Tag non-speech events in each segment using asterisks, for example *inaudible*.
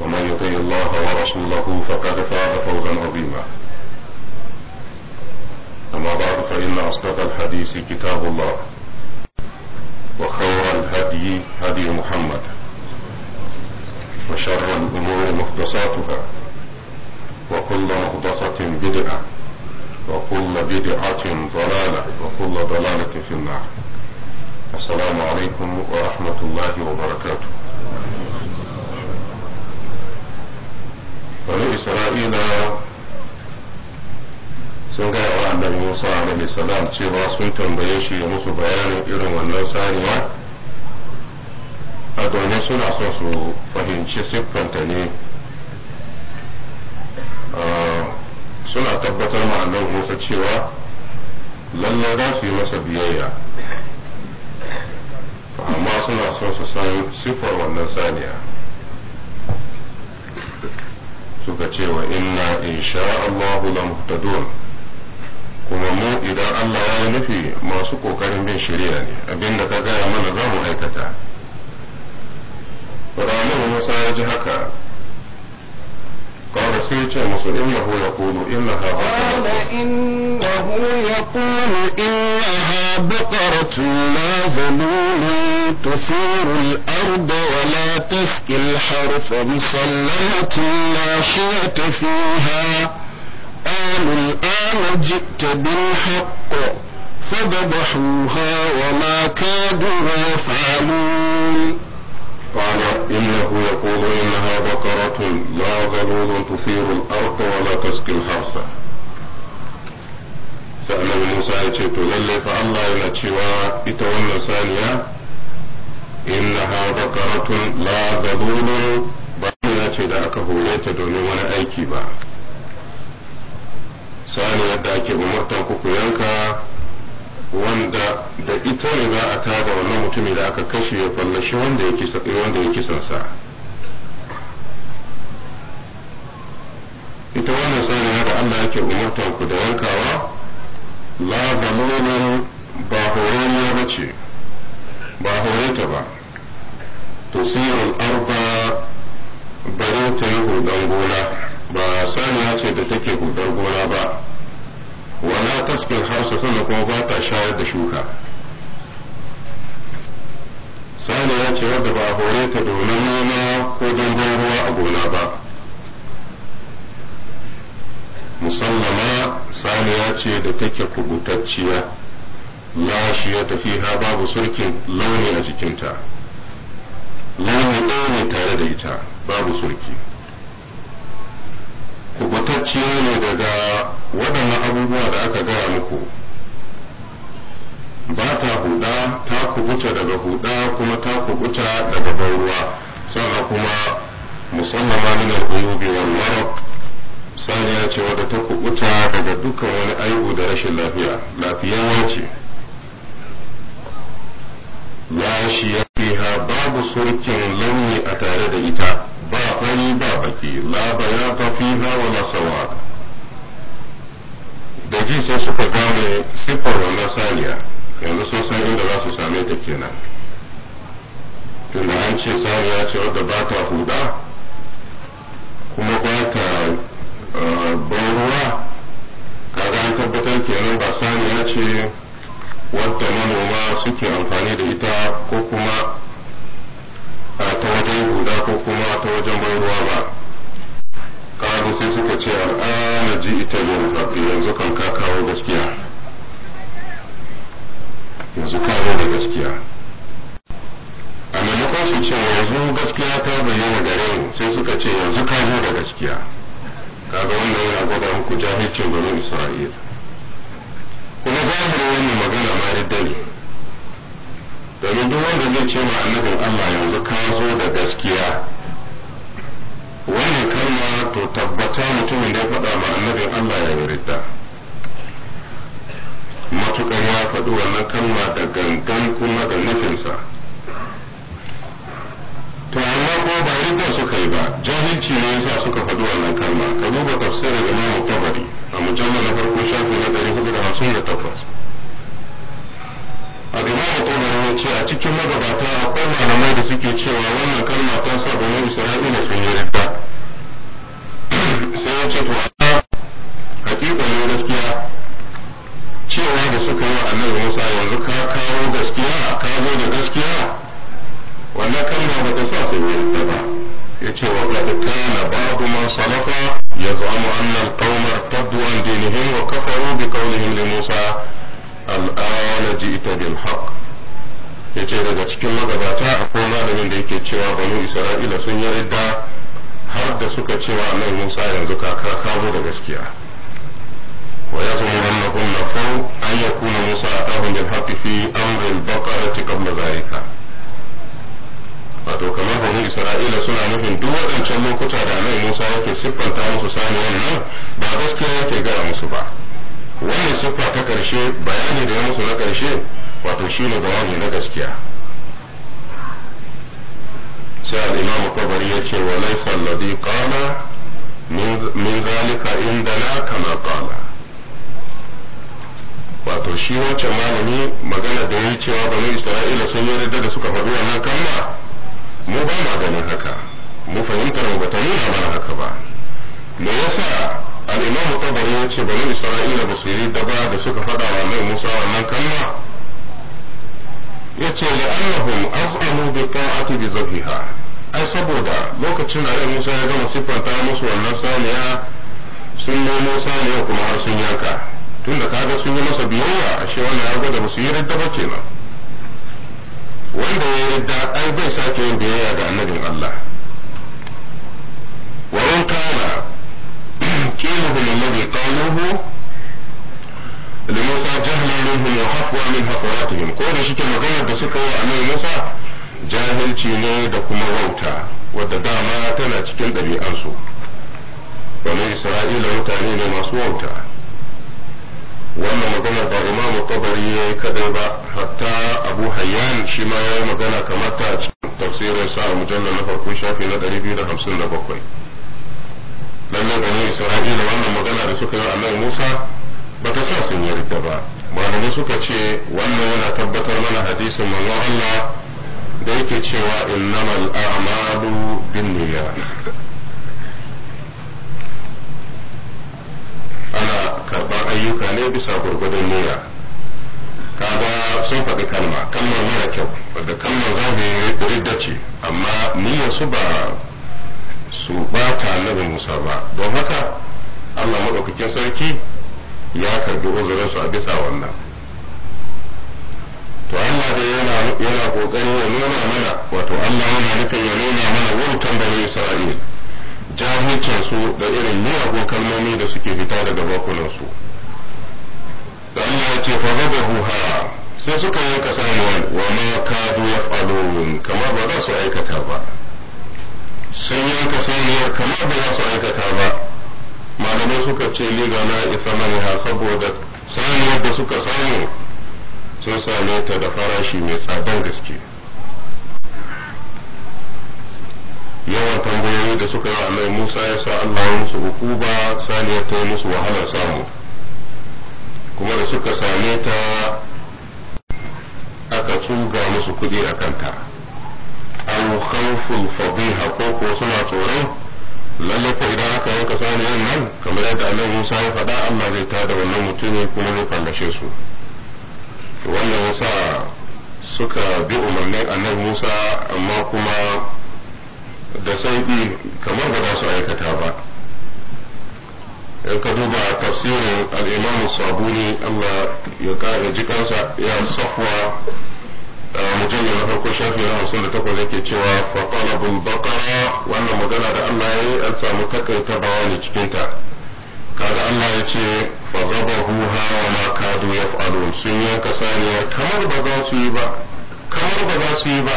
ومن يطيع الله ورسوله فقد فاز فوزا عظيما أما بعد فإن أصدق الحديث كتاب الله وخير الهدي هدي محمد وشر الأمور مختصاتها وكل مختصة بدعة وكل بدعة ضلالة وكل ضلالة في النار السلام عليكم ورحمة الله وبركاته bani isra'ila sun gaya wa annabi musa alaihi salam cewa sun tambaye shi ya musu bayanin irin wannan sanuwa a domin suna son su fahimci siffanta ne suna tabbatar ma annabi musa cewa lallai za su yi masa biyayya amma suna so su san siffar wannan saniya suka ce wa inna insha Allahu la muhtadun kuma mu idan Allah ya nufi masu kokarin bin shari'a ne abinda ka gaya mana zamu aikata ranar musa ya ji haka قال سيت إنه يقول إنها قال إنه يقول إنها بقرة لا ذلول تثير الأرض ولا تسقي الحرث مسلمة لا شئت فيها قالوا الآن جئت بالحق فذبحوها وما كادوا يفعلون قال إنه يقول إنها بقرة لا ظلول تثير الأرض ولا تسقي الحرث فأنه موسى يتشيت للي فالله ينتشوا إتونا ثانية إنها بقرة لا ظلول بقية تدعك هوليت دون ولا أيكي با ثانية دعك أمرتك كيانك wanda da ita ne za a tada wannan mutumin da aka kashe ya fallashi wanda ya kisan sa ita wannan saniya da Allah yake umartar ku da yankawa la zalunan ba horoniya ba ce ba horeta ba tusirul arba bare ta yi gona ba ya ce da take hudar gona ba wala tasqil harsa sannan kuma ba ta shayar da shuka sani ya ce wadda ba a hore ta domin noma ko don ruwa a gona ba musallama sani ya ce da take kubutacciya lashi ya tafi ha babu surkin launi a jikinta launi ne tare da ita babu surki kubutacciya ne daga waɗannan abubuwa da aka gaya muku ba ta huda ta kubuta daga huda kuma ta kubuta daga ruwa sannan kuma musallama min al-uyubi wal sani ya ce wadda ta kubuta daga dukkan wani aihu da rashin lafiya lafiyawa ce ya shi ya babu surkin launi a tare da ita ba fari ba baki la bayata fiha wala da ji sai suka gane sifarwa wannan saniya yanzu sun san inda za sami same ta kenan tunda an ce saniya ce wadda ba ta kuma ba ta eh, ban ruwa kaga an tabbatar kenan ba saniya ce wadda manoma suke amfani da ita ko kuma eh, ta wajen ko kuma ta wajen bayarwa ba kalu sai suka ce al'ana ji ita bin haƙi yanzu kan ka kawo gaskiya yanzu kawo da gaskiya a maimakon su ce yanzu gaskiya ta bayyana gare sai suka ce yanzu ka zo da gaskiya kaga wannan yana gwada muku jahilcin banin isra'ila kuma zahirin wannan magana ma ne domin duk wanda zai ce ma annabin Allah yanzu ka zo da gaskiya wannan kalma to tabbata mutumin da ya faɗa ma annabi Allah ya yarda matukar ya faɗi wannan kalma da gangan kuma da nufinsa to amma ko ba yarda suka yi ba jahilci ne yasa suka faɗi wannan kalma ka duba tafsirin da mu Tabari a mujallar na farko shafi na takwas. a gaba da tabar ce a cikin magabata akwai malamai da suke cewa wannan kalma ta sa domin isra'ila sun yi rikta sai ya ce to Hakika ne gaskiya cewa da suka yi wa annabi Musa yanzu ka kawo gaskiya ka zo da gaskiya wannan kalma ba ta sa sai ya ba ya ce wa qad kana ba'du man salafa ya anna al-qauma tabbu an dinihim wa kafaru bi qawlihim li Musa al-ana ji'ta bil haqq yace daga cikin magabata akwai malamin da yake cewa banu Isra'ila sun yi ridda har da suka cewa annabi Musa yanzu ka kawo da gaskiya wa ya zama wannan na fau an ya kuna Musa a tahun da haƙi fi amril baqarati qabla zalika wato kamar bani Isra'ila suna nufin duk waɗancan lokuta da mai Musa yake siffanta musu sani wannan ba gaskiya yake gaya musu ba wannan siffa ta ƙarshe bayani da ya musu na ƙarshe wato shi shine bayani na gaskiya sai al'imamu kabari ya ce wa laisa alladhi qala min zalika indana kama qala wato shi wancan malami magana da ya cewa banu isra'ila sun yi da suka faɗi wannan kalma mu ba ma ganin haka mu fahimtar mu bata nuna mana haka ba me yasa al kabari tabari ya ce isra'ila ba su yi daba da suka faɗa wa mai musa wannan kalma yace la'annahum az'amu bi ta'ati bi zawjiha ai saboda lokacin da Musa ya gama siffanta musu wannan saniya sun nemo saniya kuma har sun yanka tunda kaga sun yi masa biyayya shi wannan ya gwada ba yi ridda ba kenan wanda ya ridda ai bai sake yin biyayya ga annabin Allah wa in kana qiluhu *clears throat* alladhi qaluhu لموسى min منهم وحفوا من ko shi ke maganar da suka yi a nan Musa kafirci ne da kuma wauta wadda dama tana cikin ɗabi'ansu wani isra'ila mutane ne masu wauta wannan magana ba imam tabari ya yi kadai ba hatta abu hayyan shi ma ya yi magana kamar ta cikin tafsirin sa a mujallar na farko shafi na 257 lallai bani isra'ila wannan magana da suka yi annabi musa ba ta sa sun yarda ba malamai suka ce wannan yana tabbatar mana hadisin manzon Allah da yake cewa innamal a'malu binniyat ana karɓar ayyuka ne bisa gurgudun niyya kaga sun faɗi kalma kalmar mara kyau da kalmar zaɓe ridda ce amma niyyar su ba su ba ta nabi musa ba don haka allah maɗaukakin sarki ya karbi uzurinsu a bisa wannan to Allah da yana yana kokari ya nuna mana wato Allah yana nufin ya nuna mana wurtan ne Isra'il jahilcin su da irin ko kalmomi da suke fita daga bakunan su da Allah ya ce fa ha sai suka yanka samuwan wa ma kadu yaf'alun kamar ba za su aikata ba sun yanka saniyar kamar ba za su aikata ba malamai suka ce isa ha saboda sai da suka samu sun same ta da farashi mai tsadan gaske yawan tambayoyi da suka yi annabi Musa ya sa Allah ya musu hukuba saniyar ta musu wahalar samu kuma da suka same ta aka tsuga musu kuɗi a kanta an khawful fadiha ko ko suna tsoron lalle ko idan aka yanka yin nan kamar yadda annabi Musa ya faɗa Allah zai tada wannan mutumin kuma zai fallashe su wannan wasa suka bi umarnin annabi Musa amma kuma da sauƙi kamar ba za su aikata ba in ka duba tafsirin al'imamu sabuni Allah ya ƙara jikansa ya a mujallar na farko shafi na hamsin da takwas yake cewa faƙalabul bakara wannan magana da Allah ya yi an samu takaita bayani cikinta kaga Allah ya ce fa gabahu ha wa ma kadu yaf'alun sun yanka saniya kamar ba za su yi ba kamar ba za su yi ba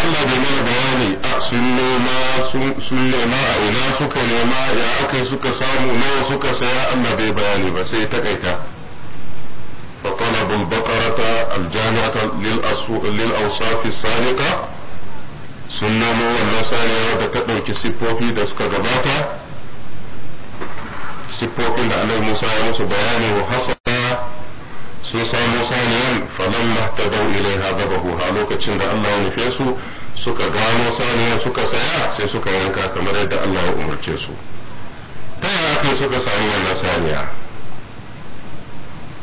Allah bai mana bayani a sun nema sun nema a ina suka nema ya aka suka samu nawa suka saya Allah bai bayani ba sai takaita فطلبوا البقرة الجامعة للأوصاف السابقة sun nemo wannan saniya da ta ɗauki siffofi da suka gabata siffofin da annabi Musa ya musu bayani wa hasana sun samu saniyan falamma tadau ilaiha zabahuha lokacin da Allah ya nufe su suka gano saniyan suka saya sai suka yanka kamar yadda Allah ya umarce su ta yaya aka suka samu wannan saniya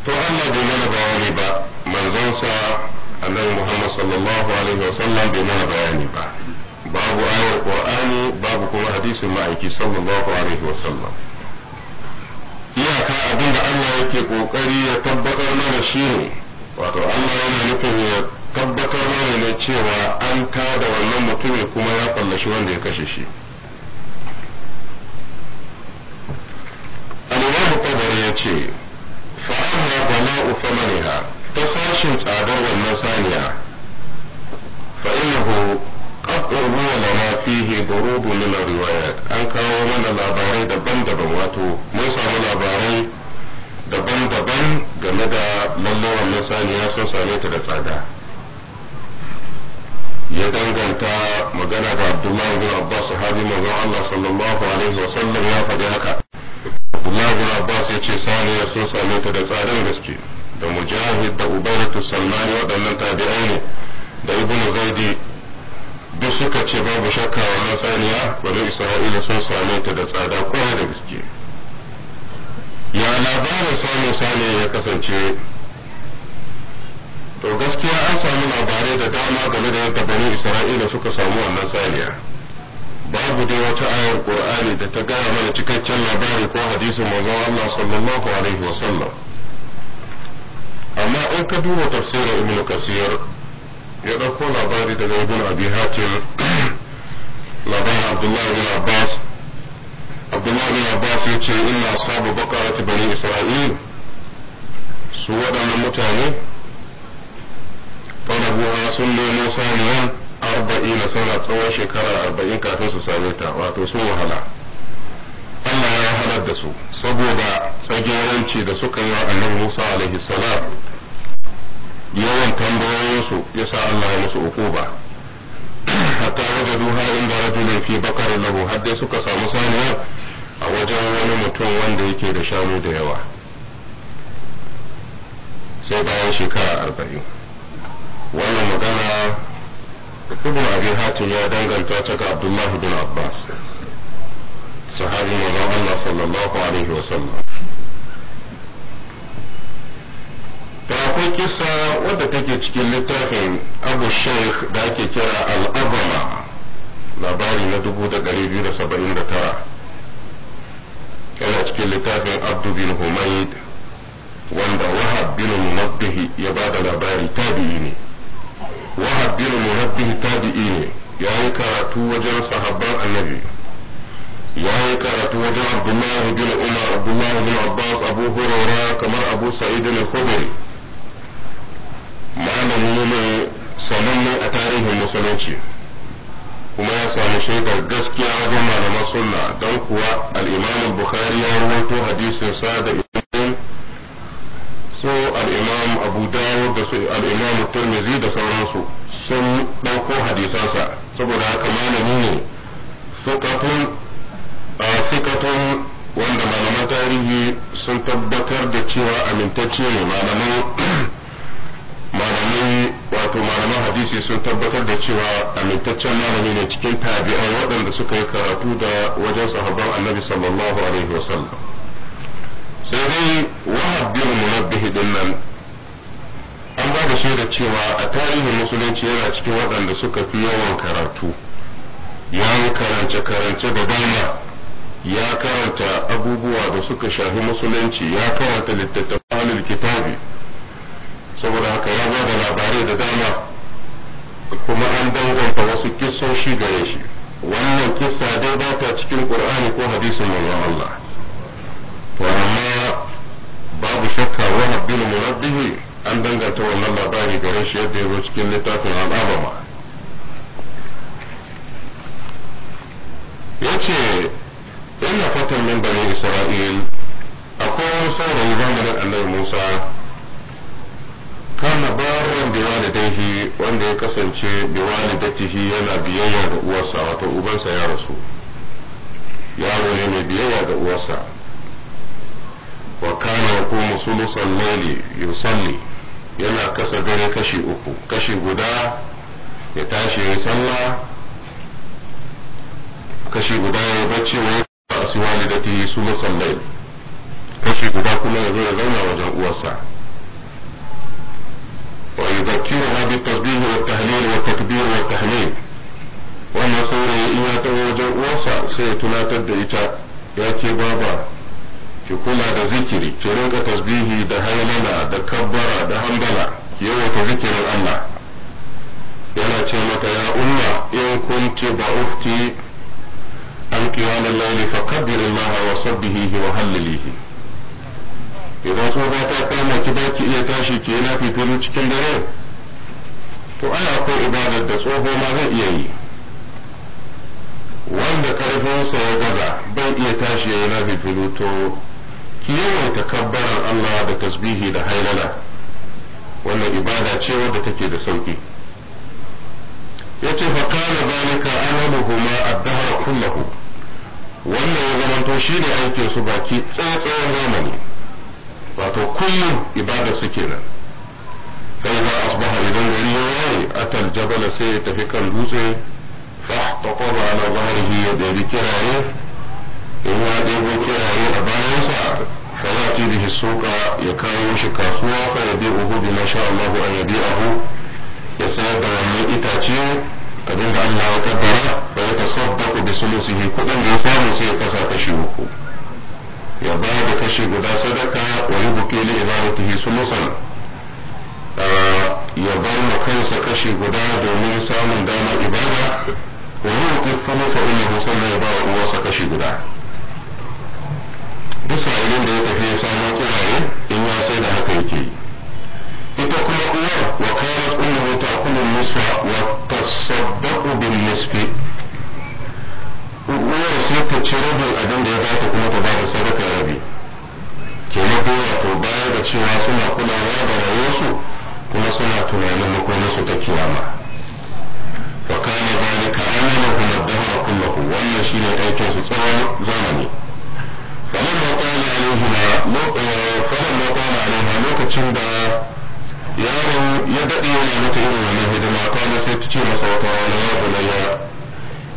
to Allah bai mana bayani ba manzonsa annabi Muhammad sallallahu alaihi wasallam bai mana bayani ba babu ayar qur'ani babu kuma hadisin ma'aiki sallallahu alaihi wasallam iyaka abin da Allah yake kokari ya tabbatar mana shi ne wato Allah yana nufin ya tabbatar mana ne cewa an da wannan mutumin kuma ya fallashi wanda ya kashe shi al-Imam ya ce fa amma bala'u famaniha ta sashin tsadar wannan saniya fa innahu قد روي لنا فيه ضروب من الروايات أن كانوا من الأباري دبن دبن واتو موسى من الأباري دبن دبن جمدا لله ومسان ياسو ساميت رتادا ya danganta magana da Abdullahi bin Abbas sahabi manzon Allah sallallahu alaihi wasallam ya faɗi haka Abdullahi bin Abbas ya ce saniya sun same ta da tsarin gaske da mujahid da ubairatu salmani waɗannan tabi'ai ne da ibnu duk suka ce babu shakka wa saniya bari isra'ila sun same ta da tsada kwarai da gaske ya labarin samun saniya ya kasance to gaskiya an samu labarai da dama game da yadda bani isra'ila suka samu wannan saniya babu dai wata ayar qur'ani da ta gaya mana cikakken labari ko hadisin manzon Allah sallallahu alaihi wa sallam amma in ka duba tafsirin ibnu kasir ya ɗauko labari daga ibn abi hatim labarin abdullahi bin abbas abdullahi bin abbas ya ce inna ashabu bakarati bani isra'il su waɗannan mutane talabuwa sun nemo saniyan arba'in sana tsawon shekara arba'in kafin su same ta wato sun wahala Allah ya halar da su saboda tsagewanci da suka yi wa annabi Musa alaihi salam yawan tambayoyinsu ya sa Allah ya musu ukuba hatta wajen duha inda rajulin fi bakar lahu har dai suka samu sanuwa a wajen wani mutum wanda yake da shanu da yawa sai bayan shekara arba'in wannan magana ibn abi hatim ya danganta ta ga abdullahi bin abbas sahabi manzon Allah sallallahu alaihi wa sallam akwai kisa wadda take cikin littafin abu sheikh da ake kira al'azama labari na 279 yana cikin littafin abdu bin humaid wanda wahab bin munabbihi ya ba da labari tabi'i ne wahab bin munabbihi tabi'i ne ya yi karatu wajen sahabban annabi ya yi karatu wajen abdullahi bin umar abdullahi bin abbas abu hurairah kamar abu sa'id al-khudri malami ne sananne a tarihin musulunci kuma ya samu shaidar gaskiya wajen malaman sunna don kuwa al'imam bukhari ya rawaito hadisin sa da ibn so al'imam abu dawud da al'imam turmizi da sauransu sun ɗauko hadisansa saboda haka malami ne sukatun sukatun wanda malaman tarihi sun tabbatar da cewa amintacce ne malaman malamai wato malaman hadisi sun tabbatar da cewa amintaccen malami ne cikin tabian waɗanda suka yi karatu da wajen sahabban annabi sallallahu alaihi wasallam sai dai wahab bin munabbihi din nan an ba da shaida cewa a tarihin musulunci yana cikin waɗanda suka fi yawan karatu ya karance-karance da dama ya karanta abubuwa da suka shafi musulunci ya karanta littattafan kitabi saboda haka ya ba da labarai da dama kuma an danganta wasu kisoshi gare shi wannan kisa dai ba ta cikin qur'ani ko hadisin manzon Allah to amma babu shakka wahab bin munabbihi an danganta wannan labari gare shi yadda ya zo cikin littafin al'abama ya ce ina fatan min bani isra'il akwai wani saurayi zamanin annabi musa kana bawan bi walidaihi wanda ya kasance bi walidatihi yana biyayya ga uwarsa wato ubansa ya rasu yaro ne mai biyayya ga uwarsa wa kana yaqumu sulusan layli yusalli yana kasa dare kashi uku kashi guda ya tashi ya sallah kashi guda ya bacci wa ya su walidatihi sulusan layli kashi guda kuma ya zo ya zauna wajen uwarsa ويذكرها بالتسبيح والتهليل والتكبير والتحميد wannan saurayi in ya taho wajen uwarsa sai ya tunatar da ita ya ce baba ki kula da zikiri ki rinka tasbihi da hailala da kabbara da hambala ki yawaita zikirin Allah yana ce mata ya umma in kunti ba ufti an qiyam al-layli faqaddiri Allah wa sabbihi wa hallilihi idan tsofa ta kama ki ba ki iya tashi ki yi nafifilu cikin dare to ana akwai ibadar da tsoho ma zai iya yi wanda karfinsa ya gaza bai iya tashi ya yi nafifilu to ki yawan kabbaran Allah da tasbihi da hailala wannan ibada ce wadda take da sauki yace fa kana zalika amaluhuma ad-dahr kullahu wannan ya zamanto shi ne aikin su baki tsawon zamani wato kullum ibada su kenan fa idza asbaha idan gari ya waye atal jabal sai ya tafi kan dutse fa taqaba ala zahrihi ya dabi kirare in ya debo kirare a bayansa fa yati bihi suqa ya kawo shi kasuwa fa yabi'uhu bi ma sha Allah an yabi'ahu ya sayar da wannan itace abinda Allah ya kaddara fa yatasaddaqu bi sulusihi kudin da ya samu sai ya kasa kashi uku ya ba da kashi guda sadaka wa yi buke li ibadatihi sulusan ah, ya bar mu kansa kashi guda domin samun dama ibada wa yi buke sulusa inna sannan ya ba wa uwarsa kashi guda duk sa'ilin da ya tafi ya samu kiraye in ya sai da haka yake ita kuma uwar wa kanat ummu ta'kulu nisfa wa tasaddaqu bin nisfi uwar su ta ci rabin abin da ya ba ta kuma ta ba ta sadaka rabi kenan ko wato baya da cewa suna kulawa da rayuwarsu kuma suna tunanin makomarsu ta kiyama wa kana zalika amalahum ad-dahr kullahu wannan ne aikin su tsawon zamani فلما na عليهما na طال lokacin da yaron ya daɗe yana mata irin wannan hidima ta da sai ta ce masa wata rana na yara.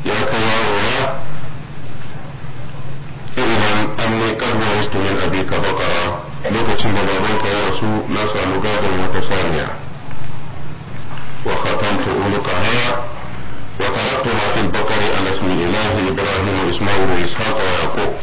ya kai yaro na idan an ne karni wasu min abika bakara lokacin da babanka ya rasu na samu gadon wata saniya wa khatamtu ulukaha wa taraktu ma fil bakari ala ismi ilahi ibrahim wa isma'il wa ishaqa wa yaqub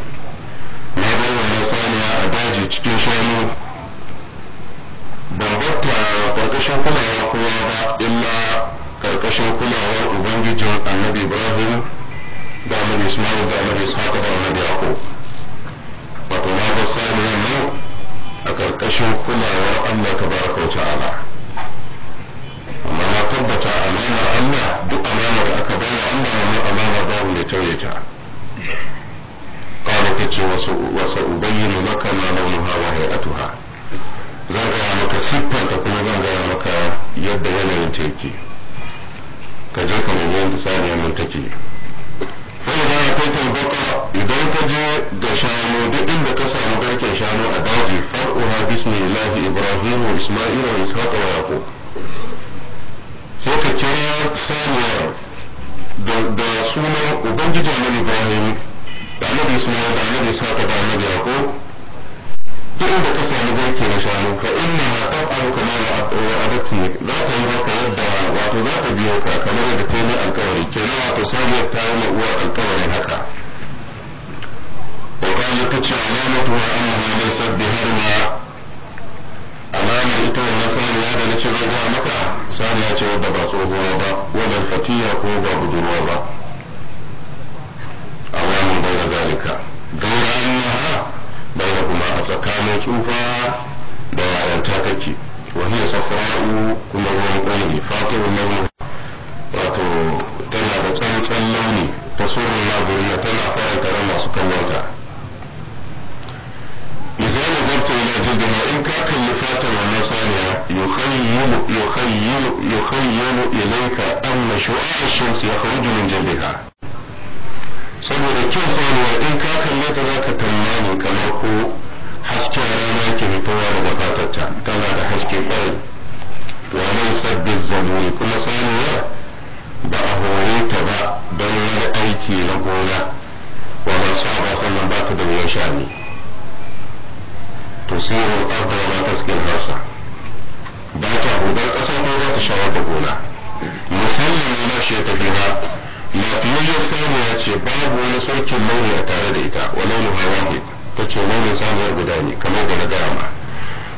lafiyayyar samu ya ce babu wani saukin launi a tare da ita wa launin hawaye ta ce launin samuwar guda ne kamar da na gaya ma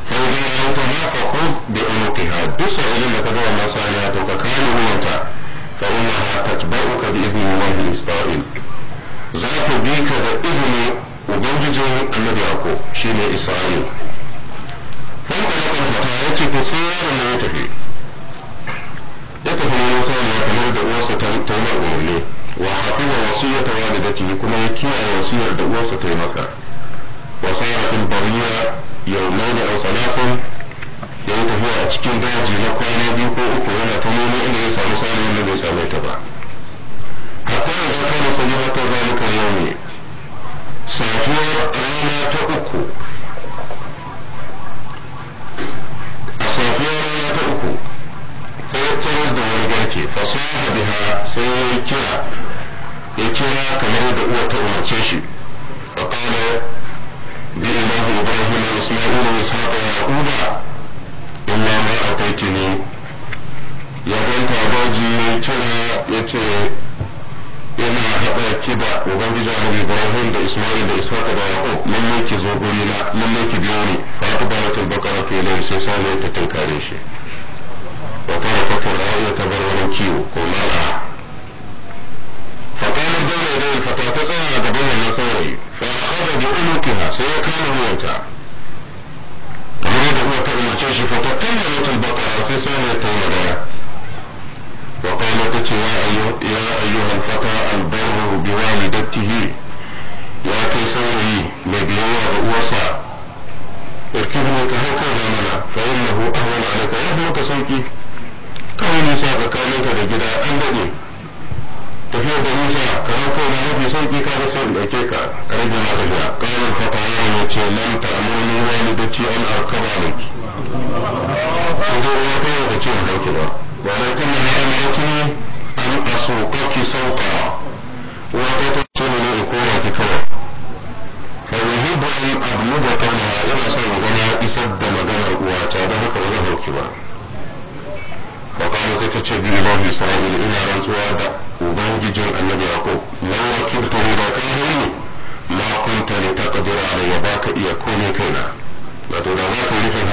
fauzin ranta ma a kun bi unuqiha duk sa'ilin da ka zama masa na to ka kame ruwanta fa innaha ka bi izni wallahi isra'il za ta bi ka da izini ubangijin annabi yaqo shine isra'il fa kana ta yace ko sai ya tafi ta yi mai umarni wa hafiza wasiyata walidatihi kuma ya kiyaye wasiyar da uwarsa ta yi masa wa sayyatin bariya yawmain a salatun ya yi tafiya a cikin daji na kwana biyu ko uku yana ta nemo inda ya samu sani wanda bai same ta ba hatta ya zaka da sani hatta zalika ne. safiyar rana ta uku cewa kamar yadda uwa ta umarce shi fa qala bi ilahi ibrahim wa isma'il wa ishaqa wa yaquba illa ma ataitini ya ganta daji ya kira ya ce yana haɗa kida ubangiji annabi ibrahim da isma'il da ishaqa da yaqub lalle ki zo guri na lalle ki biyo ni bakara fi ilayhi sai sai ta tinkare shi wa kana fa fir'auna tabarwaran kiwo ko mala sai ya kama wuyanta kamar yadda uwa ta umarce shi fa ta kama wutan bakara sai sai ta yi magana wa kama ta ce ya ayyuhan fata albarru bi walidattihi ya kai saurayi mai biyayya ga uwarsa irkihu ka hauka zamana fa mahu ahwana alaka ya fi maka sauki kawai nisa tsakaninka da gida an daɗe tafiya da nisa kamar kai na mafi sauki ka ga sai in ɗauke ka rage na tafiya ƙarar fatawa ya ce lan ta'amurni walidati an arkaba ne ko zo ya kai da ce in ɗauke ba walakin na amartini an asuqaki sauqa wa ta tunu ne gana isar da maganar uwata don haka ba zan ba sai ta ta ce bi imam Isra'il ina rantsuwa da ubangijin annabi Yaqub la wakiltu ba kai ne ma kunta li taqdiru alayya ba ka iya komai kaina wato da za ka yi rufin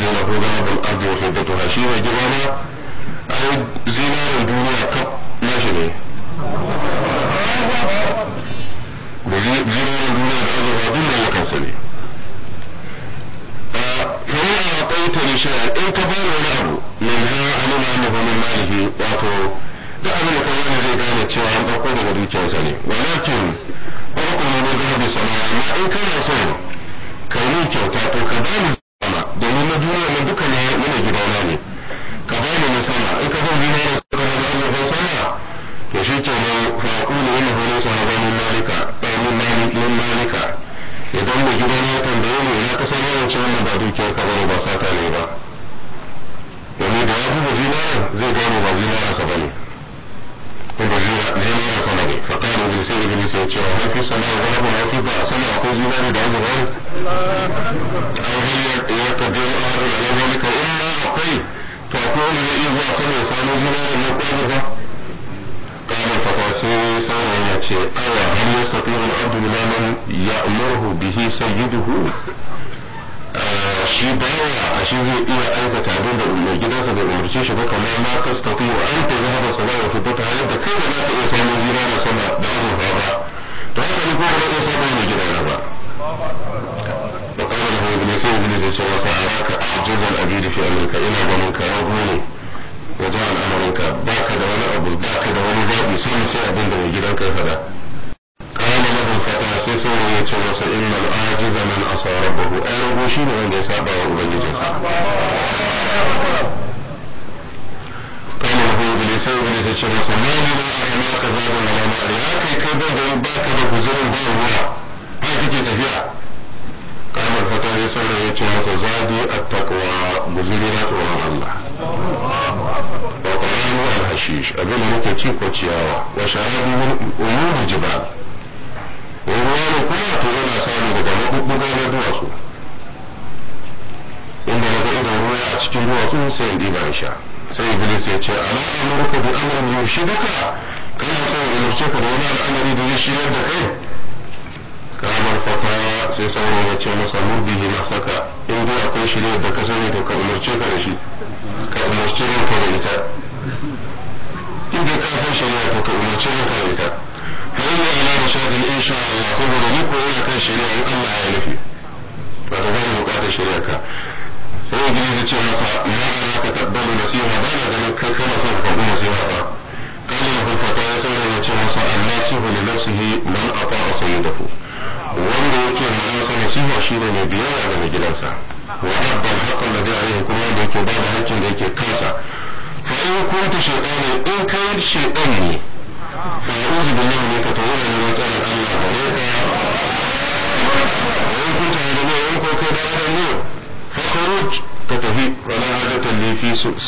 له ذهب الأرض وفضتها شي mai girma ma ai zinarin duniya kaf nashi ne da zinarin duniya da azurfa duk mallakansa ne kamar a ƙaita ne shi in ka bani wani abu min ha alima annahu min malihi wato da abin da zai gane cewa an ɗauko daga dukiyarsa ne da so kyauta to ka Hallelujah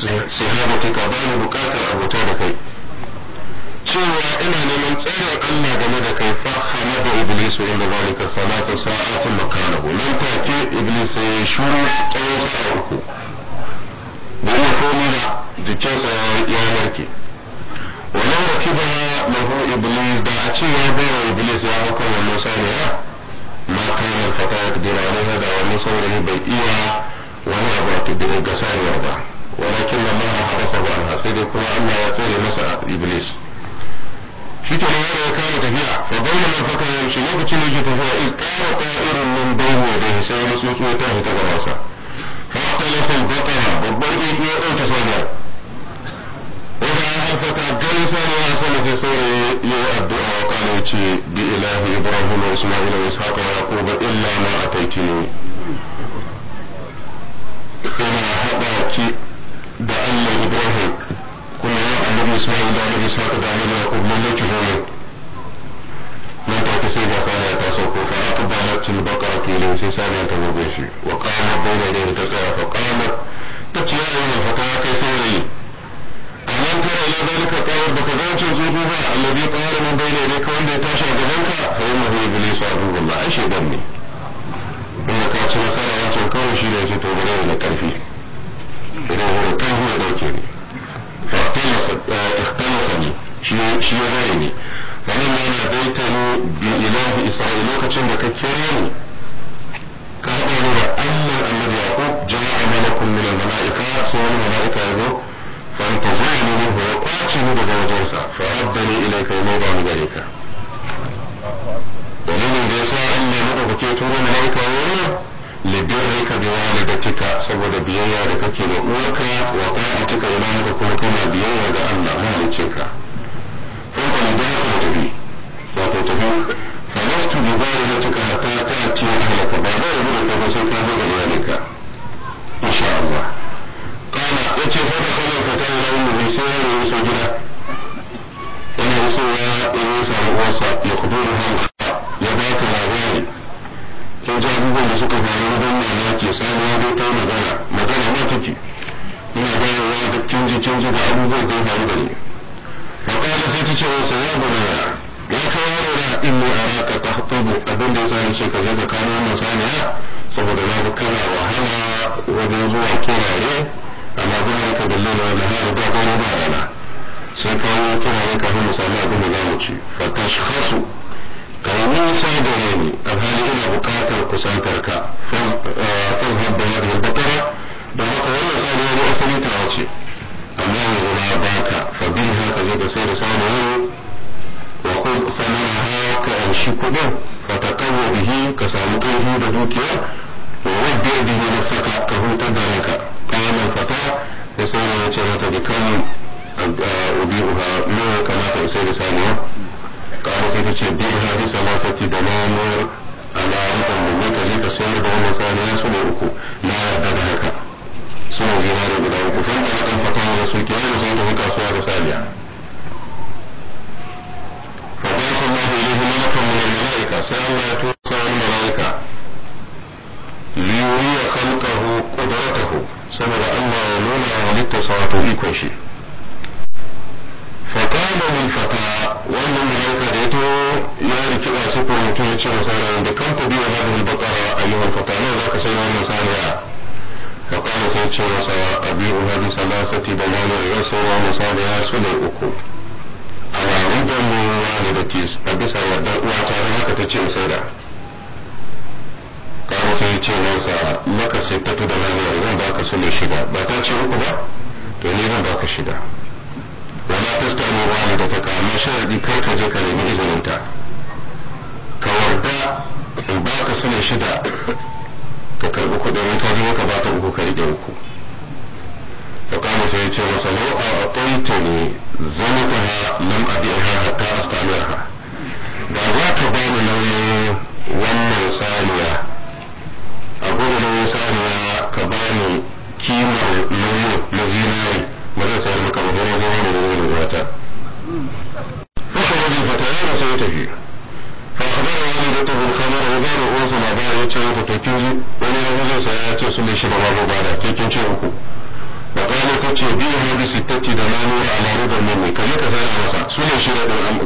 sahabatika bani mu bukatar abota da kai cewa ina neman tsarin Allah game da kai fa hamada iblis wa inda zalika salatu sa'atin makanahu nan take iblis ya shuru tsawon sa'a uku da ya komi da sa ya narke wannan rakiba mahu iblis da a ce ya bai wa iblis ya hukar wannan saniya ma kanar fata ya kudura wani da wannan saurayi bai iya wani abu da ga saniyar ba walakin Allah habasa anha sai dai kuma Allah ya tsare masa iblis shi ke nan ya kama tafiya fa bayyana man faka yamshi lokacin iska yake irin nan qara ta'irun min bayni yadayhi sai wani tsuntsu ya tashi ta gabansa fa qalafa al-baqara babban tsuntsu ya dauke soja wanda ya gani sai ya sani sai saurayi ya addu'a wa kana yace ilahi ibrahim isma'il wa illa ma ataitini ina haɗa da ya ibrahim kuma yau annabi isma'il da annabi isma'il da kuma yaqub mun yake hore nan take sai ga kana ta sauko fa aqbalat al baqaratu ilayhi sai sai ta gobe shi wa qamat bayna yadayhi ta tsaya fa qamat ta ce ya ayyuha fata kai saurayi yi tara ila dalika qawar baka ga wancan ba annabi qawar mun bayna yadayka wanda ya tashi a gaban ka fa yamma hu iblis abdullah ai shedan ne in ka ci nasara wancan kawai shi ne ya ce to bare da karfi ina wurin kan ne fahtalafa shi ya ne lokacin da ka kira ni ni da allah annabi jama'a malakun min al mala'ika sai wani ya zo daga wajensa fa rabbani ya maida ni gare ka dalilin da yasa allah ya mala'ika libirrika bi walidatika saboda biyayya da kake da uwarka wa ta'atika imamuka kuma kana biyayya ga Allah ka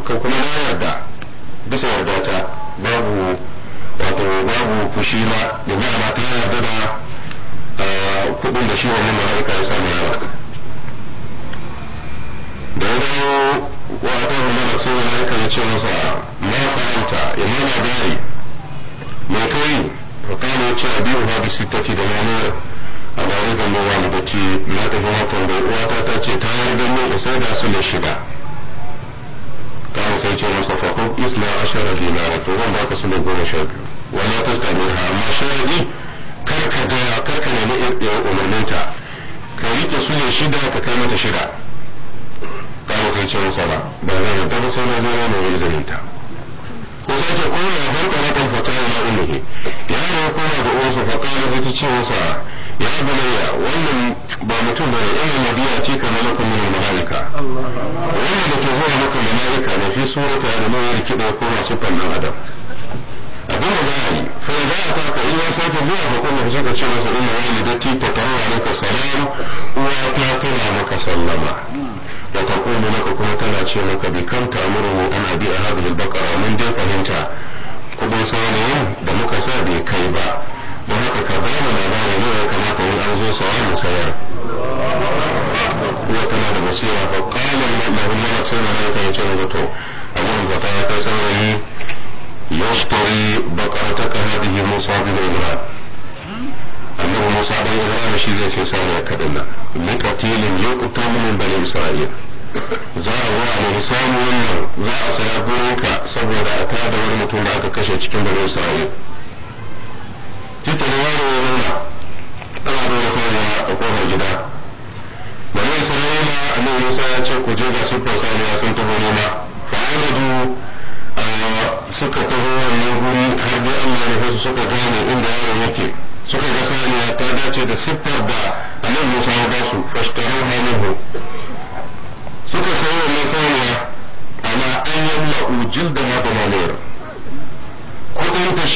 ko kuma na yarda bisa yarda ta babu wato babu fushi ba da ba ta yarda da ah, kudin da shi wannan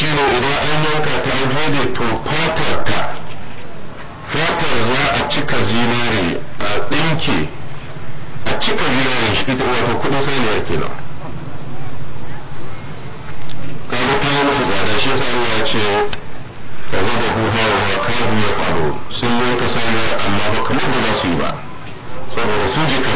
shi ne idan an yanka ta an jere to fatar ta fatar za a cika zinare a ɗinke a cika zinare shi ta wato ne yake nan kaga ta yi musu tsada shi yasa Allah ya ce fa zaba buha wa kafu ya faru sun yanka saniya amma ba kamar da za su yi ba saboda su jika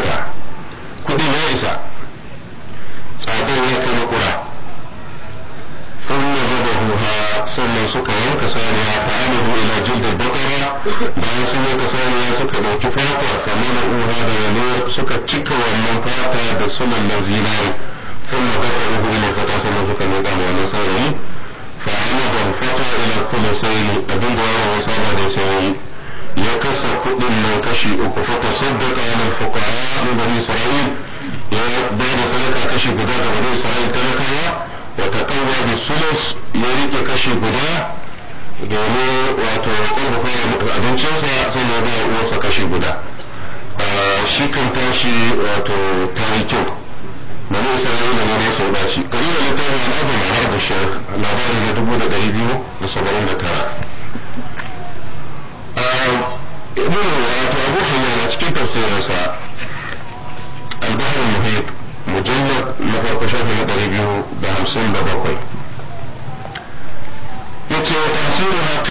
bayan su yanka saniya suka ɗauki fata kamar uha da yalo suka cika wannan fata da sunan na zinari sun da zaka uhu ne fata sun suka loka ma wannan saurayi fa ban fata ila kuma sai abin da wani wasa ba da saurayi ya kasa kuɗin nan kashi uku fata saddaka wani fukara da bani isra'il ya ba da talaka kashi guda da bani isra'il talakawa wata kawwa da sulus ya rike kashi guda domin wato kuma ƙarfafa abincinsa sai ya bai uwarsa kashi guda shi kan tashi wato ta yi kyau bani isra'ila ne ne sau dace kari da littafin al'adu na harbu shek labarin na dubu da ɗari biyu da saba'in da tara ibn wato abu hanyar a cikin tafsirinsa albahar muhit mujallar na farko shafi na ɗari biyu da hamsin da bakwai yace wa tasiru haka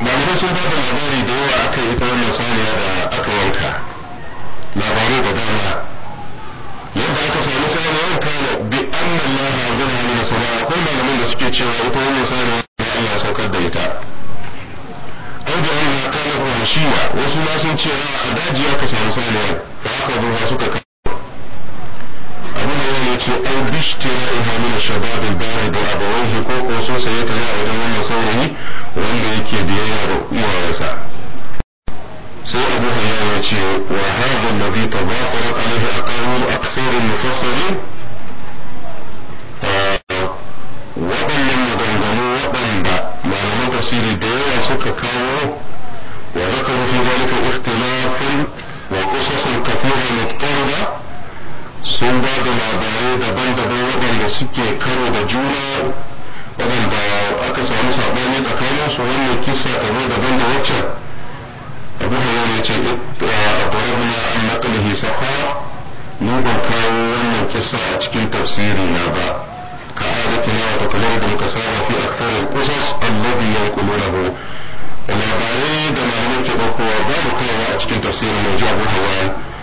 malamai sun bada labari da yawa aka yi ita wannan saniya da aka yanka labarai da dama yadda aka samu saniyar kana bi anna Allah anzala min sama akwai malamin da suke cewa ita wannan saniya da Allah saukar da ita an ji Allah kana ko shiya wasu ma sun ce a daji aka samu saniyar da aka zo suka ce a bishtira ina min shabab al-bari da abawaihi ko ko sun saye ta ne a wajen wannan saurayi wanda yake biyayya ga iyayensa sai Abu Hayyan ya ce wa hadha alladhi tadafara alayhi aqawil akthar al-mufassirin waɗannan maganganu waɗanda malaman tafsiri da yawa suka kawo sun ba da labarai daban-daban waɗanda suke karo da juna waɗanda aka samu saɓani tsakanin su wannan kisa ɗaya daban da waccan abu hanyar ya ce abdurrahman an naƙalihi safa ni ban kawo wannan kisa a cikin tafsiri na ba ka adati na wata kamar da muka saba fi aktarin kusas allazi da labarai da malamai ke ɗaukowa babu kawo a cikin tafsirin mai ji abu hawaye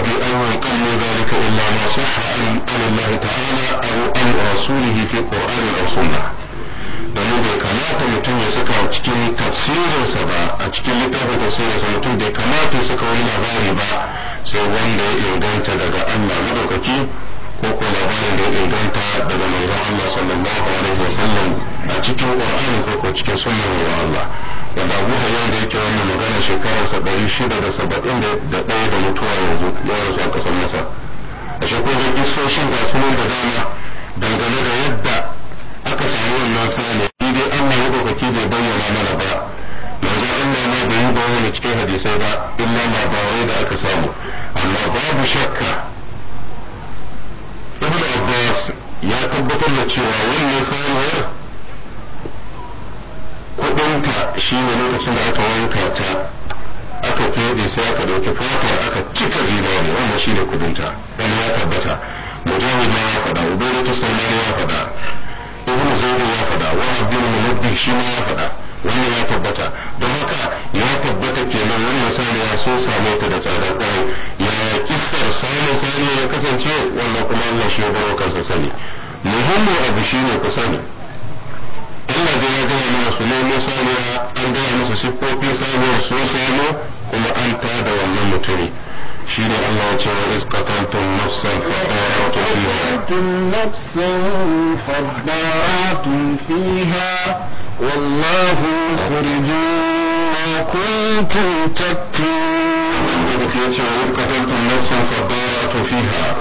الذي أن يقل ذلك إلا ما صح عن الله تعالى أو أن رسوله في القرآن أو سنة domin bai kamata mutum ya saka a cikin tafsirinsa ba a cikin littafin tafsirinsa mutum bai kamata ya saka wani labari ba sai wanda ya inganta daga Allah madaukaki ko ko labarin da ya inganta daga manzon Allah sallallahu alaihi wa sallam a cikin Qur'ani koko ko cikin sunnar manzon Allah wanda Abu Hayyan da yake wannan magana shekarar sa ɗari shida da saba'in da ɗaya da mutuwa yanzu ya rasu a ƙasar Masar a shekarar gisoshin ga sunan da dama dangane da yadda aka samu wannan sani dai Allah ya ɗaukaki bai bayyana mana ba manzon Allah ma bai yi bayani cikin hadisai ba illa labarai da aka samu amma babu shakka ya tabbatar da cewa wannan samuwar kudinta shi ne lokacin da aka wanka ta aka da sai aka ɗauki fata aka cika zinari wannan shi ne kudinta wani ya tabbata mujahid ya faɗa ubairu ta sallar ya faɗa ibn zaidu ya faɗa wa abdul mulabbi shi ma ya faɗa wannan ya tabbata don haka ya tabbata kenan wannan samuwa sun same ta da tsada kwarai wannan kwano ya kasance wannan kuma Allah shi ya baro kansa sani muhimmin abu shi ne ku sani Allah dai ya gaya mana su nemo saniya an gaya musu siffofin saniyar su samu kuma an tada wannan mutumi shi ne Allah ya ce wa iskatantum nafsan fadaratun fiha fadara'atun nafsan fadaratun fiha wallahu mukhrijun كنتم تكتمون. يقول كتبتم نفسا mata fiha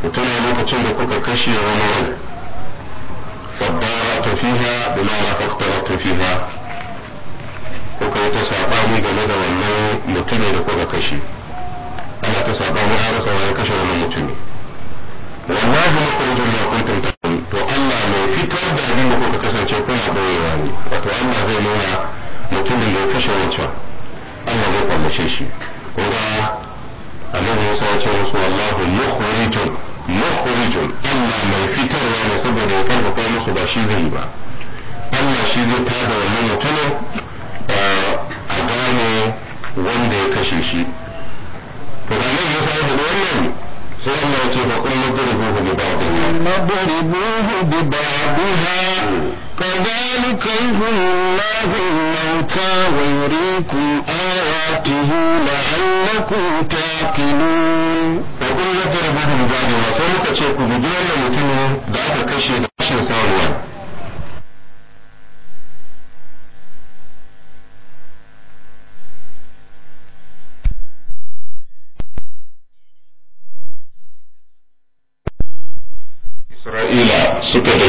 ku tuna lokacin da kuka kashe wani wani rai fadarata fiha bimana faktarata fiha kuka yi ta saɓani game da wannan mutumin da kuka kashe ana ta saɓani an rasa wani kashe wannan mutumi wallahi mukhrijun ma kuntum takun to Allah mai fitar da abin da kuka kasance kuna boyewa ne wato Allah zai nuna mutumin da ya kashe wancan Allah zai kwallace shi kuma annabi Musa ya ce musu wallahu mukhrijun mukhrijun Allah mai fitarwa ne saboda ya karfafa musu ba shi zai ba Allah shi zai tada wannan mutumin eh, a gane wanda ya kashe shi to da annabi Musa ya faɗi wannan sai Allah ya ce fa qul nadribuhu bi ba'dihi nadribuhu bi ba'diha كذلك يحيي الله الموتى ويريكم آياته لعلكم تعقلون وقلنا فاضربوه ببعضها فمك تشوف بجوال متن ذاك كشي كشي ثانية إسرائيل سكت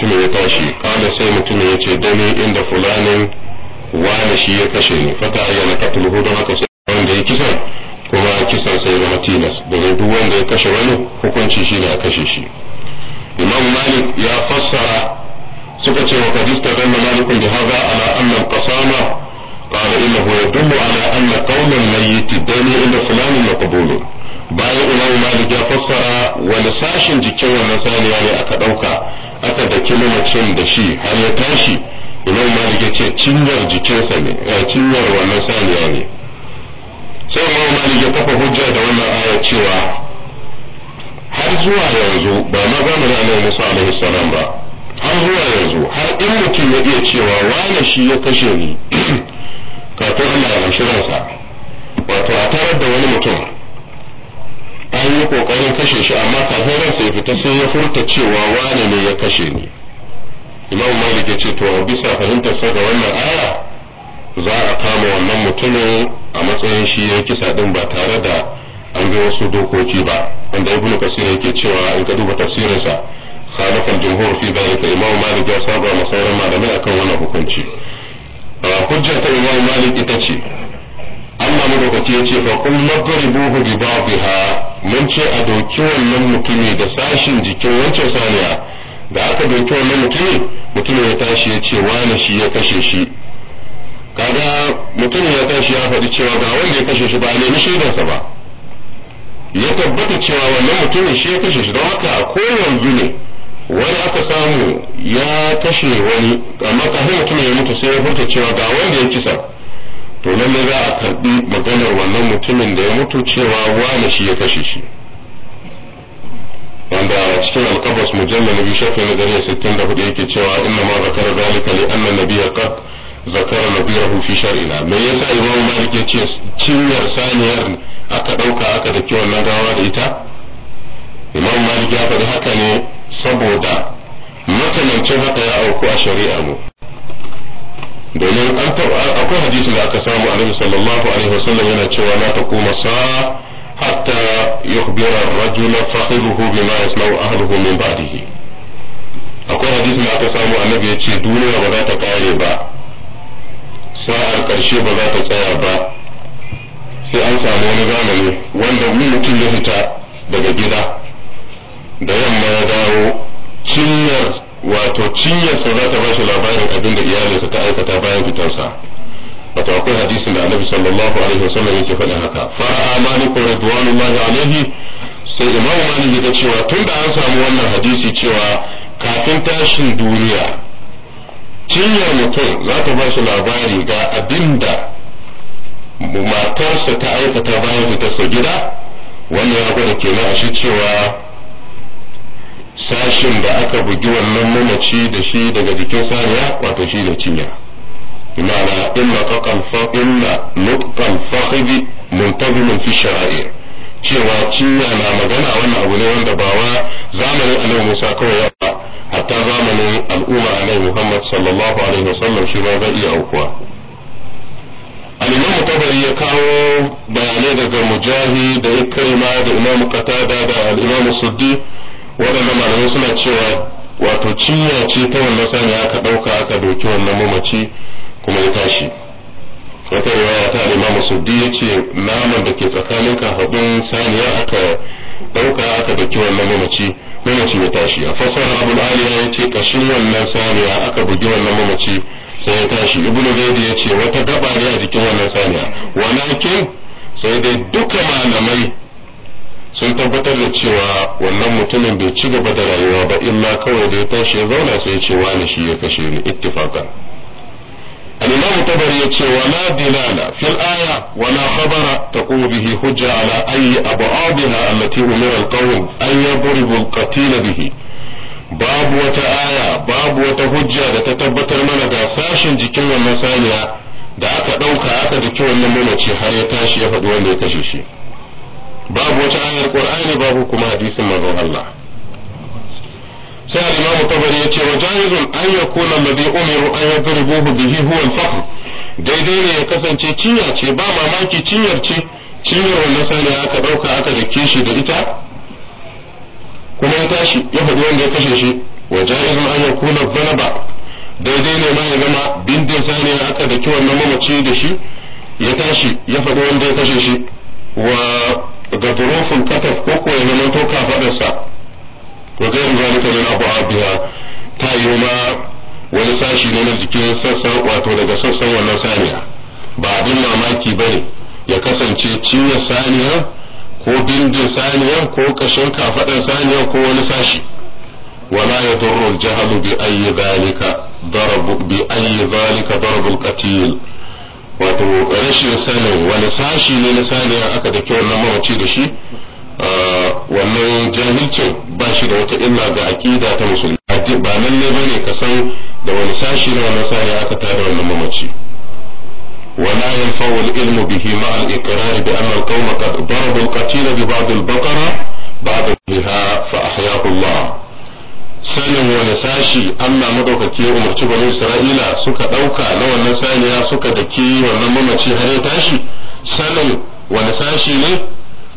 mutumin ya tashi kala sai mutumin ya ce dani inda fulanin wani shi ya kashe ni fata ayyana katulhu don haka sai wanda ya kisa kuma kisan sai zama tilas domin duk wanda ya kashe wani hukunci shi na kashe shi imam malik ya fassara suka ce wa kadista dan malikun da haza ala anna qasama قال إنه يدل على أن قول الميت داني عند فلان مقبول bayan imamu malik ya fassara wani sashin jikin wannan saniya ne aka ɗauka aka da mamacin da shi har ya tashi imam malik ya ce cinyar jikinsa ne eh, cinyar wannan saniya ne sai imam malik ya kafa hujja da wannan aya cewa har zuwa yanzu ba ma na nan musa alaihi salam ba har zuwa yanzu har in mutum ya iya cewa Wani shi ya kashe ni *clears throat* kafin Allah ya sa wato a tarar da wani mutum an yi kokarin kashe shi amma kafin ransa sai fita sai ya furta cewa wane ne ya kashe ni imam malik ya ce to a bisa fahimtar sa da wannan aya za a kama wannan mutumin a matsayin shi ya kisa din ba tare da an ga wasu dokoki ba wanda ibnu kasir yake cewa in ka duba tafsirinsa salafan jumhur fi dalika imam malik ya saba ma sauran malamai akan wannan hukunci hujjar ta imam malik ita ce Allah madaukaki ya ce fa kullu madribuhu bi ba'dha mun ce a doki wannan mutumi da sashin jikin wancan saniya da aka doki wannan mutumi mutumin ya tashi ya ce wane shi ya kashe shi kaga mutumin ya tashi ya faɗi cewa ga wanda ya kashe shi ba nemi shaidarsa ba ya tabbata cewa wannan mutumin shi ya kashe shi don haka ko yanzu ne wani aka samu ya kashe wani amma kafin mutumin ya mutu sai ya furta cewa ga wanda ya kisa to ne za a karbi maganar wannan mutumin da ya mutu cewa wani shi ya kashe shi wanda a cikin alkabas mujallar na biyu shafi na gari sittin da hudu yake cewa inna ma zakara annan li anna nabiyya qad zakara nabiyahu fi shar'ina me yasa imam malik ya ce cinyar saniyar aka dauka aka da dake wannan gawa da ita imam malik ya faɗi haka ne saboda makamancin haka ya auku a shari'ar mu domin akwai hadisin da aka samu annabi sallallahu alaihi wasallam yana cewa la taquma sa'a hatta yukhbira ar-rajula fakhiruhu bima yasma'u ahluhu min ba'dihi akwai hadisin da aka samu annabi ya ce duniya ba za ta kare ba sa'ar karshe ba za ta tsaya ba sai an samu wani zamani wanda mutum ya fita daga gida da yamma ya dawo cinyar wato cinyarsa za ta ba shi labarin abin da iyalinsa ta aikata bayan fitarsa wato akwai hadisin da annabi sallallahu alaihi wasallam yake faɗa haka fara'a ma ga alaihi sai imamu maliki ta cewa tun da an samu wannan hadisi cewa kafin tashin duniya cinyar mutum za ta ba shi labari ga abin da matarsa ta aikata bayan fitarsa gida wannan ya gwada kenan a shi cewa sashin da aka bugi wannan mamaci da shi daga jikin saniya wato shi da cinya ma'ana inna qaqan fa inna nutqan fakhidi muntazimun fi shara'i cewa cinya na magana wannan abu ne wanda ba wa zamanin Annabi Musa kawai ya ba hatta zamanin al'umma Annabi Muhammad sallallahu alaihi wasallam shi ma zai iya aukuwa al-imam tabari ya kawo bayanai daga mujahid da ikrima da imam qatada da al-imam siddiq waɗannan malamai suna cewa wato ciya ce ta wannan sani aka ɗauka aka doki wannan mamaci kuma ya tashi wata riwaya ta alima suddi ya ce naman da ke tsakanin kafaɗin saniya aka ɗauka aka doki wannan mamaci mamaci ya tashi a fassara abul aliya ya ce ƙashin wannan saniya aka bugi wannan mamaci sai ya tashi ibnu zaidi ya ce wata gaba ne a jikin wannan saniya walakin sai dai duka malamai sun tabbatar da cewa wannan mutumin bai ci gaba da rayuwa ba illa kawai da ya tashi ya zauna sai cewa wani shi ya kashe ni ittifaqan al ta bari ya ce wala filaya fil aya wala khabara taqulu bihi hujja ala a ab'adiha allati umira al-qawm an yadribu al-qatil bihi babu wata aya babu wata hujja da ta tabbatar mana ga sashin jikin wannan saniya da aka ɗauka aka jiki wannan mamaci har ya tashi ya faɗi wanda ya kashe shi babu wata ayar qur'ani babu kuma hadisin manzon Allah sai al-imamu tabari yace wa jayizun an yakuna alladhi umiru an yadribuhu bihi huwa al daidai ne ya kasance cinya ce ba mamaki cinyar ce cinyar wannan sai aka dauka aka dake shi da ita kuma ya tashi ya faɗi wanda ya kashe shi wa jayizun an yakuna dhanaba daidai ne ma ya zama bindin ya aka daki wannan mamaci da shi ya tashi ya faɗi wanda ya kashe shi wa gaturufin kataf ko ko ya zama to kafadarsa to zai riga ni kamar abu abiya ta yi ma wani sashi ne na jikin sassan wato daga sassan wannan saniya ba abin mamaki ne ya kasance ciwon saniya ko bindin saniya ko kashin kafadar saniya ko wani sashi wala ya durru jahalu bi ayyi zalika darbu bi ayyi zalika qatil wato rashin sanin wani sashi ne na saniya aka da kyau na mamaci da shi wannan jahilcin ba shi da wata illa ga aƙida ta musulmi ba ne ba ne ka san da wani sashi na wani saniya aka tada wannan mamaci ولا ينفع العلم به مع الإقرار بأن القوم قد ضربوا القتيل ببعض البقرة بعد بها فأحياه الله sanin wani sashi Allah madaukaki ya umarci bani Isra'ila suka ɗauka na wannan saniya suka daki wannan mamaci har ya tashi sanin wani sashi ne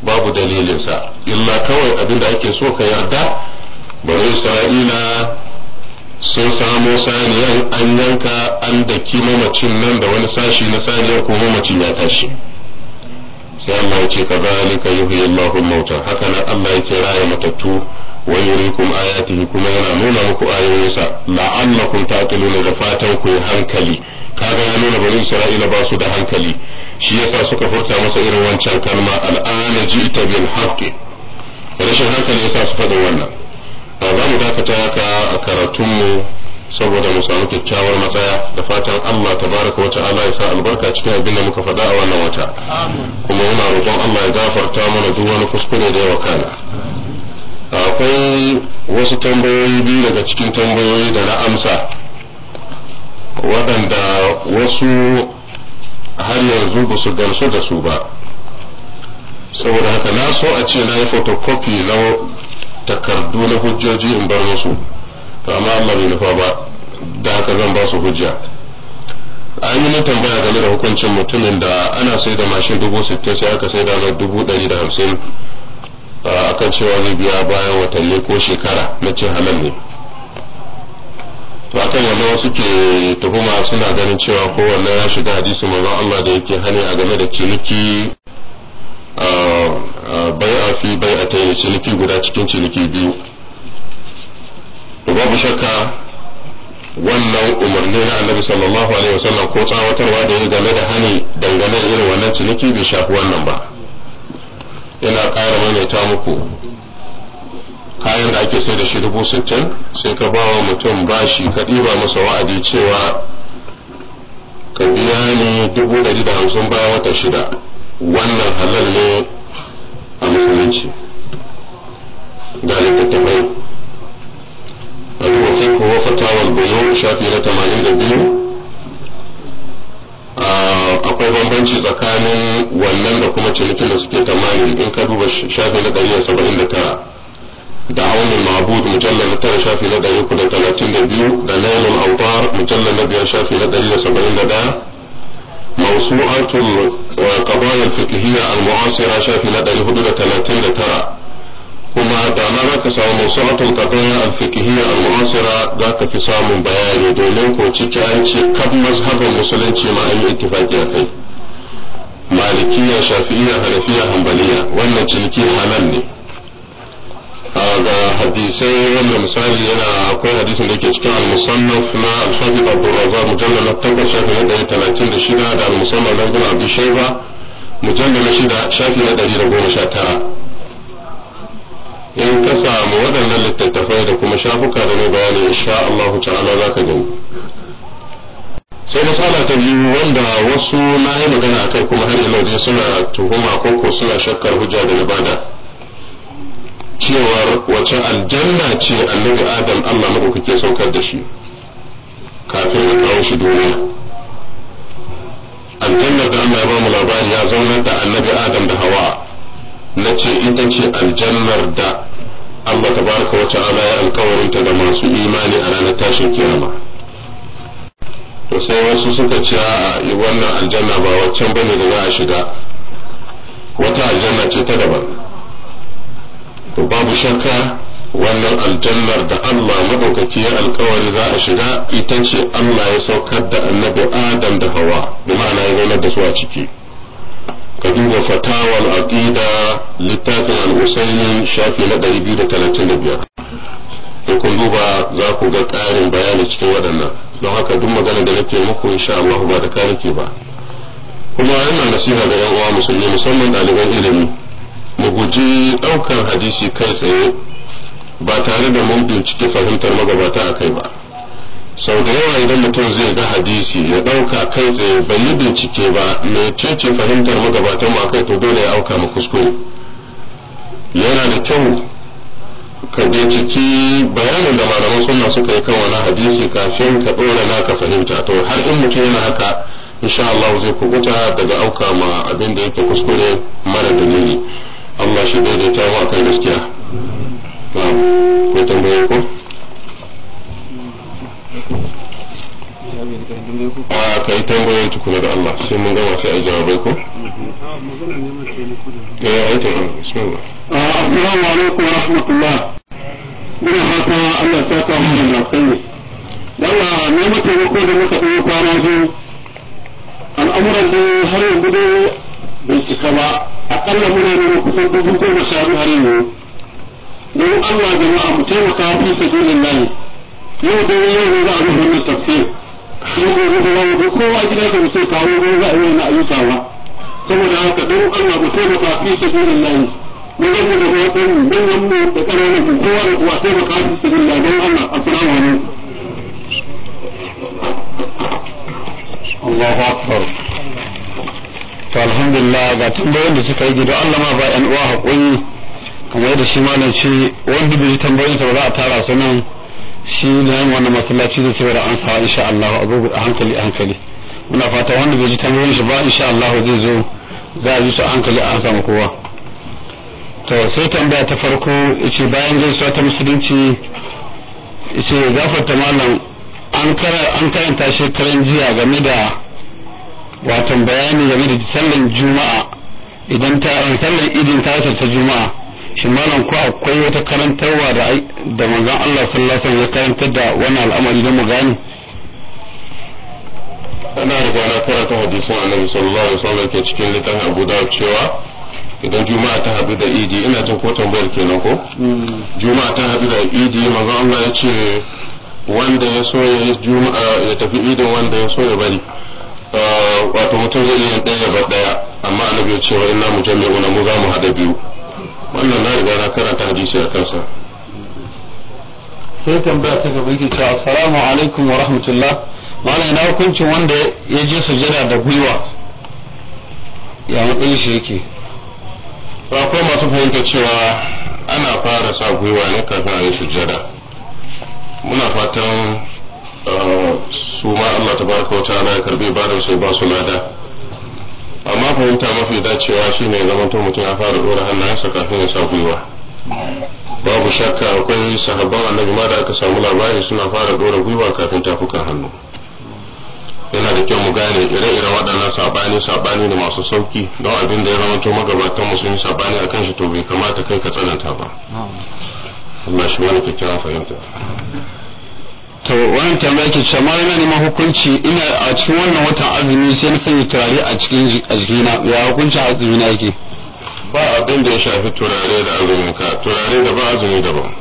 babu dalilinsa illa kawai abin da ake so ka yarda bani Isra'ila sun samo saniyar an yanka an daki mamacin nan da wani sashi na saniyar ko mamacin ya tashi sai Allah ya ce ka zalika yuhyi Allahu mauta haka nan Allah ya yake raya matattu wa yurikum ayatihi kuma yana nuna muku ayoyinsa la'allakum taqiluna da fatan ku hankali kaga ya nuna bani isra'ila ba su da hankali shi yasa suka furta masa irin wancan kalma al'ana ji'ta bil haqqi rashin hankali yasa su faɗin wannan ba za mu dakata haka a karatunmu saboda mu samu kyakkyawar matsaya da fatan Allah tabaraka wa ta'ala ya sa albarka cikin abin da muka faɗa a wannan wata kuma muna roƙon Allah ya gafarta mana duk wani kuskure da yawa wakana akwai wasu tambayoyi biyu daga cikin tambayoyi da na amsa waɗanda wasu har yanzu ba su gamsu da su ba saboda haka na so a ce na yi fotokofi na takardu na hujjoji in bar musu amma Allah bai nufa ba da haka zan ba su hujja an yi tambaya game da hukuncin mutumin da ana sai da mashin dubu sittin sai aka sai da dubu ɗari da hamsin akan cewa zai biya bayan watanni ko shekara na cin halal ne to akan wanda wasu ke tuhuma suna ganin cewa kowanne ya shiga hadisi manzo Allah da yake hani a game da ciniki bai a fi bai a tayi ciniki guda cikin ciniki biyu to babu shakka wannan umarni na annabi sallallahu alaihi wasallam ko tsawatarwa da ya game da hani dangane irin wannan ciniki bai shafi wannan ba ina mana maimaita muku kayan da ake sai da shi dubu sittin sai ka bawa mutum bashi ka ɗiba masa wa'adi cewa ka biya ni dubu ɗari da hamsin baya wata shida wannan halal ne a musulunci Da littattafai a rubuce ko wafata wal bayo shafi na tamanin da biyu Ah, akwai bambanci tsakanin wannan da kuma cinikin da suke tamani in ka duba shafi na ɗari saba'in da tara da aunin mabud mujallar na tara shafi na ɗari uku da talatin da biyu da nailul autar mujallar na biyar shafi na ɗari da saba'in da ɗaya mawsu'atul eh, qadaya al-fiqhiyya al-mu'asira shafi na ɗari hudu da talatin da tara kuma da ma za ka a musu'atul qadaya al-fiqhiyya al-mu'asira za ka fi samun bayani domin ko ciki an ce kab mazhabin musulunci ma an yi ittifaqi akai malikiya shafi'iyya hanafiya hanbaliya wannan ciniki halal ne ga hadisai wannan misali yana akwai hadisi da ke cikin al na al-shafiq abdurrazzaq mujallal at shafi na da na shafi na in ka samu waɗannan littattafai da kuma shafuka da mai bayani sha Allah ta'ala za ka gani sai masala ta biyu wanda wasu na yi magana a kai kuma har ila suna tuhuma ko ko suna shakkar hujja da ibada cewar wace aljanna ce annabi adam Allah ke saukar da shi kafin ya kawo shi duniya Aljanna da Allah ya ba mu labari ya zaunar da annabi adam da hawa na ce ita ce aljannar da Allah tabaraka wa ta'ala ya alkawarinta da masu imani a ranar tashin kiyama to sai wasu suka ce a wannan aljanna ba waccan bane da za a shiga wata aljanna ce ta daban to babu shakka wannan aljannar da Allah madaukaki ya alkawari za a shiga ita ce Allah ya saukar da annabi Adam da Hawa bi ma'ana ya zaunar da su a ciki ka duba fatawal aqida littafin al shafi na 235 in kun duba za ku ga ƙarin bayani cikin waɗannan don haka duk magana da nake muku sha Allah ba da ke ba kuma yana nasiha ga 'yan uwa musulmi musamman ɗaliban ilimi mu guji ɗaukar hadisi kai tsaye ba tare da mun bincike fahimtar magabata a kai ba sau da yawa idan mutum zai ga hadisi ya ɗauka kai tsaye bai yi bincike ba mecece fahimtar magabatan mu akai to dole ya auka ma kuskure yana da kyau ka binciki bayanin da malaman suna suka yi kan wani hadisi kafin ka ɗora na ka fahimta to har in mutum yana haka insha Allah zai kubuta daga auka ma abin da yake kuskure mara dalili Allah shi daidaita mu akan gaskiya. Ko tambaye ko? kai tambayoyin tukuna da Allah sai mun gama sai a jawabai ko? Eh ai ta yi bismillah. Ah, assalamu alaikum wa rahmatullah. Ina fata Allah ta ka mu da alkhairi. ne muke ko da muka yi kwana ji al'amuran da har yanzu da bai cika ba akalla muna neman kusan dubu goma sha biyu har yanzu. Don Allah jama'a mu taimaka fi sabilillahi. yau da yau za a zo wannan tafsir sai ko rufe wani ko kowa gidan ka mutum kawo ko za a yi wani ayyuka ba saboda haka don Allah mu taimaka fi sabilin lahi mu yi da wadan mun mu da karamin mu kowa da kowa taimaka fi sabilin lahi don Allah assalamu alaikum Allahu akbar to alhamdulillah ga tambayoyin da suka yi gido Allah ma ba yan uwa hakuri kamar yadda shi malam ce wanda bai tambayoyin sa ba za a tara su nan shi ne wannan masallaci zai tsira an sa insha Allah abu a hankali a hankali muna fata wanda bai ji tambayoyin shi ba insha Allah zai zo za a ji su a hankali a samu kowa to sai tambaya ta farko ce bayan gaisuwa ta musulunci yace gafarta malam an an karanta shekaran jiya game da watan bayani game da sallan juma'a idan ta sallan idin ta ta juma'a shi malam ko akwai wata karantarwa da da manzon Allah sallallahu alaihi ya karantar da wani al'amari na mu gani ana riga na karanta hadisin annabi sallallahu alaihi wasallam ke cikin littafin Abu Dawud cewa idan juma'a ta haɗu da idi ina jin ko tambayar kenan ko hmm. juma'a ta haɗu da idi manzon Allah ya ce wanda ya so ya juma'a ya tafi idin wanda ya so ya bari ah, wato mutum zai iya ɗaya ba ɗaya amma annabi ya ce wa inna mujammi'una mu za mu haɗa biyu wannan na riga na karanta hadisi a kansa sai tambaya ta gaba yake cewa assalamu alaikum wa rahmatullah ma'ana ina hukuncin wanda ya je sujada da gwiwa ya matsayin shi yake ba ko masu fahimta cewa ana fara sa gwiwa ne kafin a yi sujada muna fatan ah, su ma Allah tabaraka wa ta'ala ya karbi ibadar su ba su lada amma fahimta mafi dacewa shine ne zama mutum ya fara dora hannayensa kafin ya sa gwiwa babu shakka akwai sahabban annabi ma da aka samu labari suna fara dora gwiwa kafin tafukan hannu yana da kyau mu gane ire-iren waɗannan saɓani saɓani da masu sauki don abin da ya zama to magabatan mu sun yi saɓani akan shi to bai kamata kai ka tsananta ba Allah shi wani kyakkyawan fahimta to wannan tambaya ke cewa malama ne ma hukunci ina a cikin wannan watan azumi sai na sanya turare a cikin jikina ya hukunci azumi na yake ba abin da ya shafi turare da azumin ka turare da ba azumi daban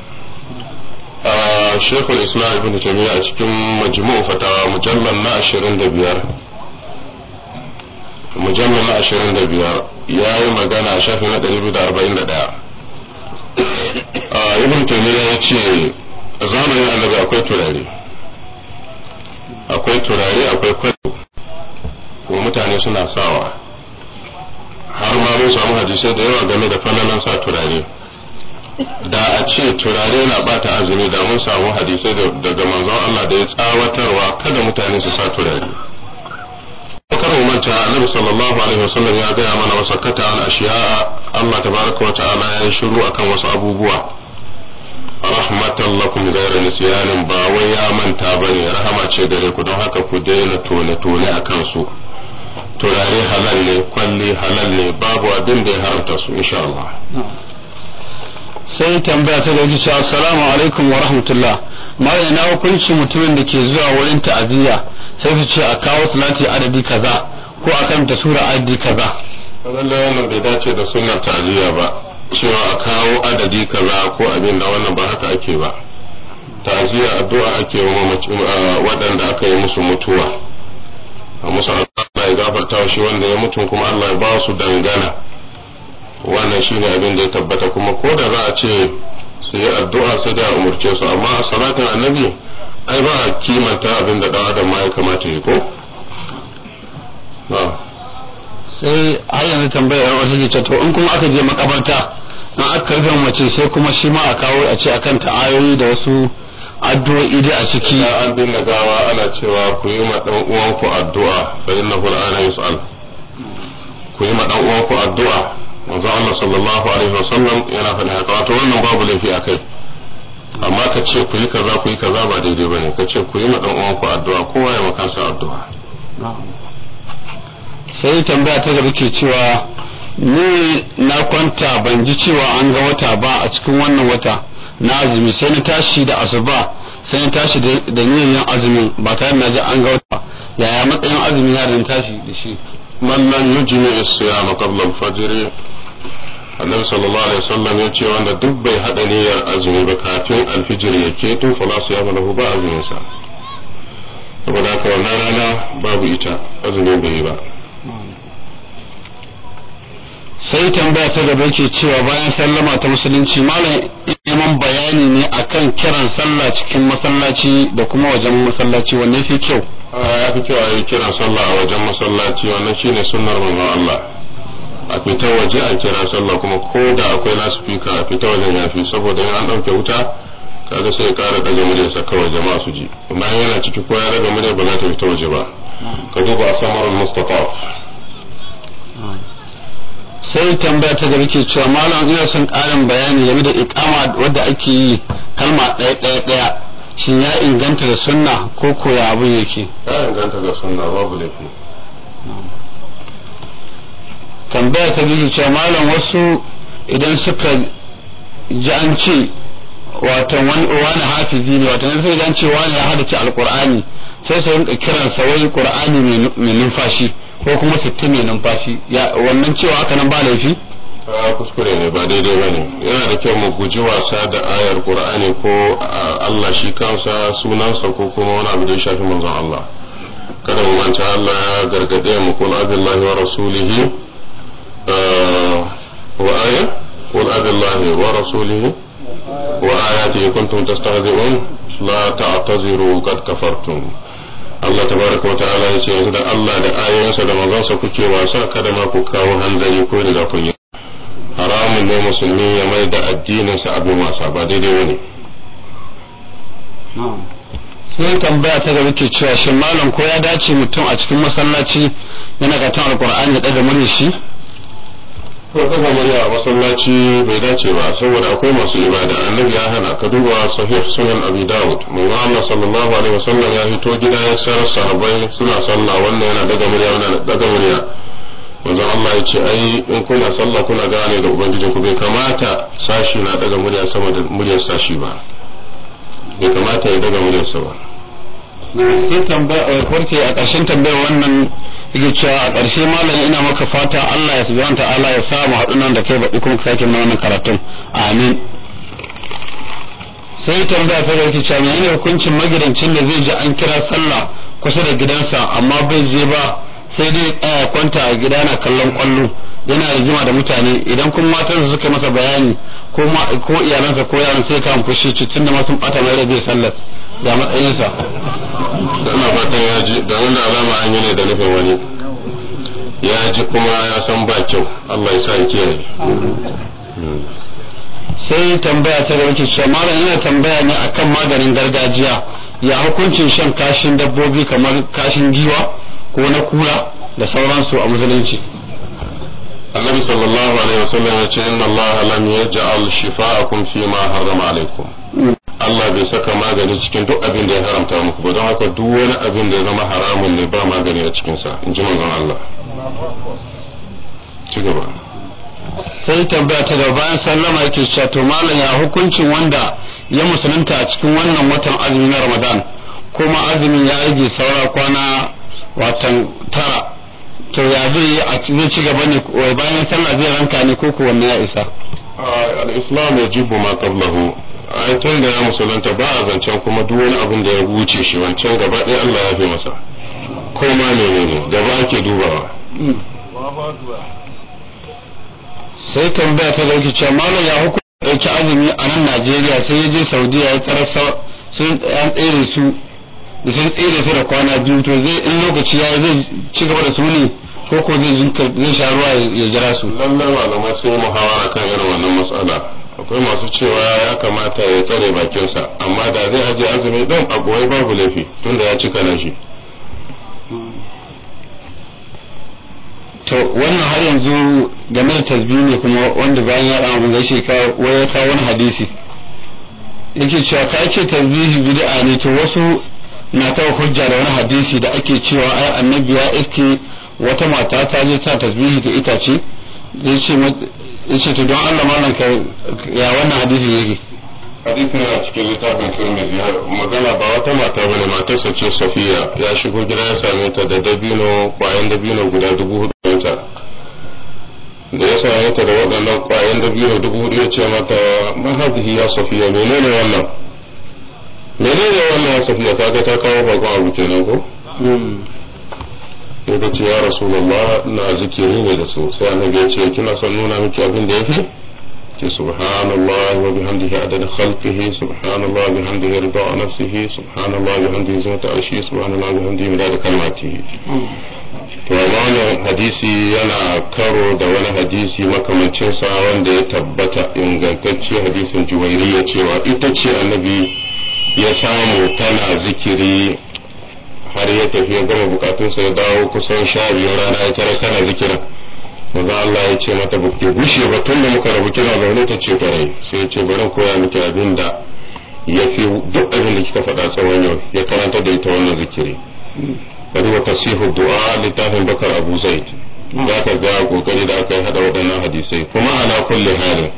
a shekul islam ibn tamiya a cikin majmu' fatawa mujallal na 25 mujallal na 25 yayi magana a shafi na 241 ibn tamiya ya ce zamanin annabi akwai turare akwai turare akwai kwado kuma mutane suna sawa har ma mun samu hadisai da yawa game da falalan sa turare da a ce turare na bata azumi da mun samu hadisai daga manzon Allah da ya tsawatarwa kada mutane su sa turare kar mu manta annabi sallallahu alaihi wasallam ya gaya mana wasakata an ashiya Allah tabaraka wa ta'ala ya shiru akan wasu abubuwa rahmatan lakum gaira nisyanin ba wai ya manta bane rahama ce gare ku don haka ku daina tone-tone a kansu turare halal ne kwalli halal ne babu abin da ya haramta su insha Allah sai tambaya ta da cewa assalamu alaikum wa rahmatullah mai na hukunci mutumin da ke zuwa wurin ta'aziyya sai su ce a kawo salati adadi kaza ko a kan sura adadi kaza wannan bai dace da sunnar ta'aziyya ba cewa a kawo adadi kaza ko abin da wannan ba haka ake ba ta'aziyya addu'a ake wa uh, waɗanda aka yi musu mutuwa a musu Allah ya gafarta shi wanda ya mutu kuma Allah ya ba su dangana wannan shi ne abin da ya tabbata kuma ko da za a ce su yi addu'a sai da umurce su amma salatin annabi ai ba a kimanta abin da dan adam ma ya kamata ya ko sai ayyana yanzu tambayar wata ce to in kuma aka je makabarta na aka rufe mace sai kuma shi ma a kawo a ce akan ta'ayoyi da wasu addu'o'i da a ciki da an dinga gawa ana cewa ku yi ma dan uwanku addu'a fa innahu al'ana yus'al ku yi ma dan uwanku addu'a manzo Allah sallallahu alaihi wasallam yana faɗa haka to wannan babu laifi akai amma ka ce ku yi kaza ku yi kaza ba daidai bane ka ce ku yi ma dan uwanku addu'a kowa ya sa addu'a sai tambaya ta gaba ke cewa ni na kwanta ban ji cewa an ga wata ba a cikin wannan wata na azumi sai na tashi da asuba sai na tashi da niyyar azumin ba tare na ji an ga wata yaya matsayin azumi ya da tashi da shi man lam yujmi as-siyam qabla al-fajr annabi sallallahu alaihi wasallam ya ce wanda duk bai hada niyyar azumi ba kafin alfijir ya keto fala siyam lahu ba azumin sa saboda haka wannan rana babu ita azumin bai yi ba sai tambaya ta gaba ke cewa bayan sallama ta musulunci malam neman bayani ne akan kiran sallah cikin masallaci da kuma wajen masallaci wanne fi kyau ya fi kyau a yi kiran sallah a wajen masallaci wannan shine sunnar manzon Allah a fita waje a kira sallah kuma ko da akwai lasifika a fita wajen yafi saboda in an ɗauke wuta kaga sai ya ƙara ɗaga muryarsa kawai jama'a su ji bayan yana ciki ko ya rage murya ba za ta fita waje ba ka duba asamarul mustapha sai tambaya ta gari ke cewa malam ina son ƙarin bayani game da ikama wadda ake yi kalma ɗaya ɗaya ɗaya shin ya inganta da sunna ko koya abin yake ya inganta da sunna babu laifi tambaya ta gaba cewa malam wasu idan suka ji an ce wato wani hafizi ne wato sai idan ce wani ya ce alqur'ani sai su rinka kiransa wai qur'ani mai numfashi ko kuma su tume numfashi wannan cewa haka nan ba laifi kuskure ne ba daidai ba ne yana da kyau mu guji wasa da ayar qur'ani ko Allah shi kansa sunansa ko kuma wani abu da ya shafi manzon Allah kada mu manta Allah ya gargade mu kul abillahi wa rasulihi wa aya kul abillahi wa rasulihi wa ayatihi kuntum tastahzi'un la ta'taziru qad kafartum Allah tabaraka wa ta'ala ya ce yanzu da Allah da ayoyinsa da mazansa kuke wasa kada ma ku kawo hanzari ko da ku yi haramun ne musulmi ya mai da addininsa abin wasa ba daidai wani sai tambaya ta gaba ke cewa shin malam ko ya dace mutum a cikin masallaci yana katon alkur'ani da da da shi to kafa murya a masallaci bai dace ba saboda akwai masu ibada annabi ya hana ka duba sahih sunan abi daud manzo sallallahu alaihi wasallam ya hito gida ya sarar sahabbai suna sallah wannan yana daga murya wannan daga murya manzo Allah ya ce ai in kuna sallah kuna gane da ubangijin ku bai kamata sashi na daga murya sama da muryar sashi ba bai kamata ya daga muryar sama ba sai tambaya eh, farce a ƙarshen tambayar wannan yake cewa a ƙarshe malam ina maka fata Allah ya subhanahu ta'ala ya sa mu haɗu nan da kai baɗi kuma ka sake mana wannan karatun amin sai tambaya ta gaba cewa menene hukuncin magidancin da zai ji an kira sallah kusa da gidansa amma bai je ba sai dai tsaya kwanta a gida na kallon kwallo yana rigima da mutane idan kuma matansa suka masa bayani ko iyalansa ko yaran sai kan fushi tun da ma sun bata mai rabe sallar da matsayinsa da ina fatan ya ji da wanda alama an yi ne da nufin wani ya ji kuma ya san ba kyau Allah ya sa kiyaye sai tambaya ta da wuce cewa malam ina tambaya ne akan maganin gargajiya ya hukuncin shan kashin dabbobi kamar kashin giwa ko na kura da sauransu a musulunci annabi sallallahu alaihi wasallam ya ce inna Allah lam yaj'al shifa'akum fi ma harrama alaikum Allah bai saka magani cikin duk abin da ya haramta muku ba don haka duk wani abin da ya zama haramun ne ba magani a cikinsa in ji manzon Allah ci sai tambaya ta da bayan sallama yake cewa to malam ya hukuncin wanda ya musulunta a cikin wannan watan azumi na Ramadan kuma azumin ya rage saura kwana watan tara to ya zai a ci gaba ne bayan sallah zai ranka ne ko kuwa ya isa al-islam jibu ma qablahu an tun da ya musulunta ba a zancen kuma duk wani abin da ya wuce shi wancan gaba ɗaya Allah ya fi masa ko ma ne da gaba ake dubawa sai tambaya ta zauki ce malam ya hukunta ɗauki azumi a nan Najeriya sai ya je Saudiya ya tarar sun tsere su da sun tsere su da kwana biyu to zai in lokaci ya zai ci gaba da su ne ko ko zai sha ruwa ya jira su lallai malamai sun muhawara kan irin wannan matsala akwai masu cewa ya kamata ya tsare bakinsa amma da zai aje azumi dan a goyi babu laifi tunda ya cika nan shi to wannan har yanzu game da tasbihi ne kuma wanda bayan ya ɗan zai shi waya kawo wani hadisi yake cewa ka ce tasbihi bid'a ne to wasu na ta hujja da wani hadisi da ake cewa ai annabi ya iske wata mata ta je ta tasbihi da itace yace to don Allah malam ka ya wannan hadisi yake hadisi na cikin littafin Tirmidhi magana ba wata mata bane matarsa ce Safiya ya shigo gida ya same ta da dabino kwayan dabino guda dubu hudu ta da ya same ta da waɗannan kwayan dabino dubu hudu ya ce mata mahadihi ya Safiya menene wannan menene wannan ya ta ga ta kawo bakon abu kenan ko hmm. sai ta ce ya rasulullah na zikiri ne da su sai annabi ya ce kina son nuna miki abin da yafi Ki subhanallah wa bihamdihi adada khalqihi subhanallah wa bihamdihi rida nafsihi subhanallah wa bihamdihi zinata arshi subhanallah wa bihamdihi midada kalmatihi to wannan hadisi yana karo da wani hadisi makamancin sa wanda ya tabbata ingantacce hadisin ya cewa ita ce annabi ya samu tana zikiri har ya tafi ya gama bukatunsa ya dawo kusan sha biyu rana ya tara kana zikirin maza Allah ya ce mata ba bushe gushe ba tun da muka rabu kina zaune ta ce kwarai sai ya ce bari koya miki abin da ya fi duk abin da kika faɗa tsawon yau ya karanta da ita wannan zikiri bari wa tasihu du'a littafin bakar abu zaid za ka ga kokari da aka yi hada waɗannan hadisai kuma ala kulle halin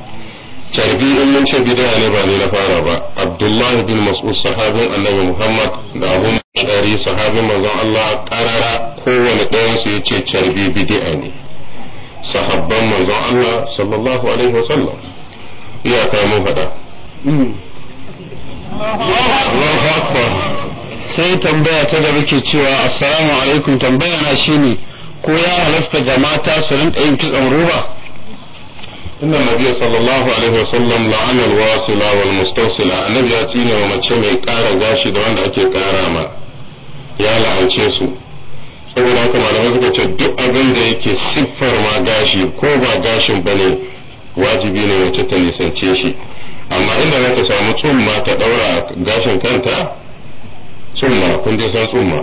carbi in mun ce ne ba ne na fara ba abdullahi bin mas'ud sahabin annabi muhammad da abu shari sahabin manzon allah karara kowane ɗayan su yace carbi bid'a ne sahabban manzon allah sallallahu alaihi wasallam iyaka faɗa sai tambaya ta da muke cewa assalamu alaikum tambaya na shine ko ya halasta ga mata su rinka yin kitson ruba inna nabiyyu sallallahu alaihi wasallam la'ana alwasila wal mustawsila annabi ya tina wa mace mai ƙara gashi da wanda ake ƙara ma ya la'ance su saboda haka malamai suka ce duk abin da yake siffar ma gashi ko ba gashin ba ne wajibi ne mace ta nisance shi amma inda za ta samu tsumma ta ɗaura gashin kanta tsumma kun dai san tsumma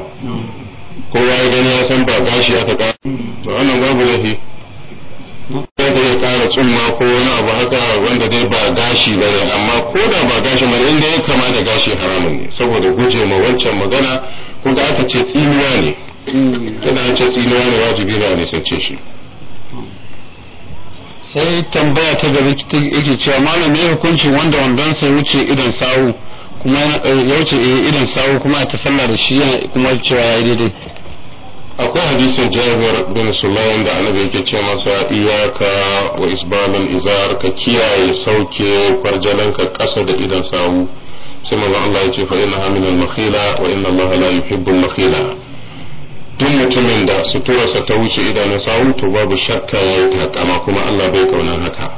kowa ya gani ya san ba gashi aka ƙara to wannan babu laifi sai da ya ƙara tsumma ko wani abu haka wanda dai ba gashi ba ne amma ko da ba gashi ba inda ya kama gashi haramun ne saboda guje ma wancan magana ko da aka ce tsiniya ne yana ce tsiniya ne wajibi ne a nisance shi sai tambaya ta gaba yake cewa malam ne hukuncin wanda wandonsa ya wuce idan sawu kuma eh, ya wuce eh, idan sawu kuma ta sallah da shi kuma cewa ya yi daidai akwai hadisin jabir bin sulaim da annabi yake ce masa iyaka wa isbalin izar ka kiyaye sauke ka kasa da idan samu sai manzo Allah yace ce fa inna al makhila wa inna Allah la al makhila duk mutumin da sa ta wuce na sawu to babu shakka ya takama kuma Allah bai kauna haka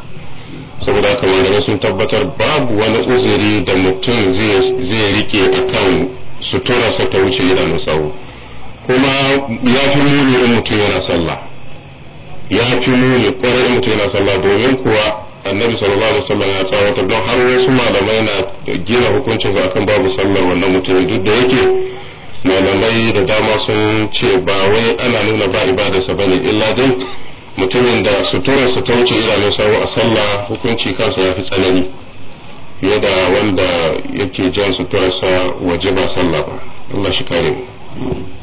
saboda kamar malamai sun tabbatar babu wani uzuri da mutum zai rike akan sa ta wuce na sawu kuma ya fi muni in mutum yana sallah ya fi nuni kwarai in mutum yana sallah domin kuwa annabi sallallahu alaihi wasallam ya tsawata don har wasu malamai na gina hukuncin su akan babu sallar wannan mutumin duk da yake malamai da dama sun ce ba wai ana nuna ba ibadarsa bane illa dai mutumin da su ta wuce idanun sawo a sallah hukunci kansa ya fi tsanani fiye da wanda yake jan sa waje ba sallah ba Allah shi kare mu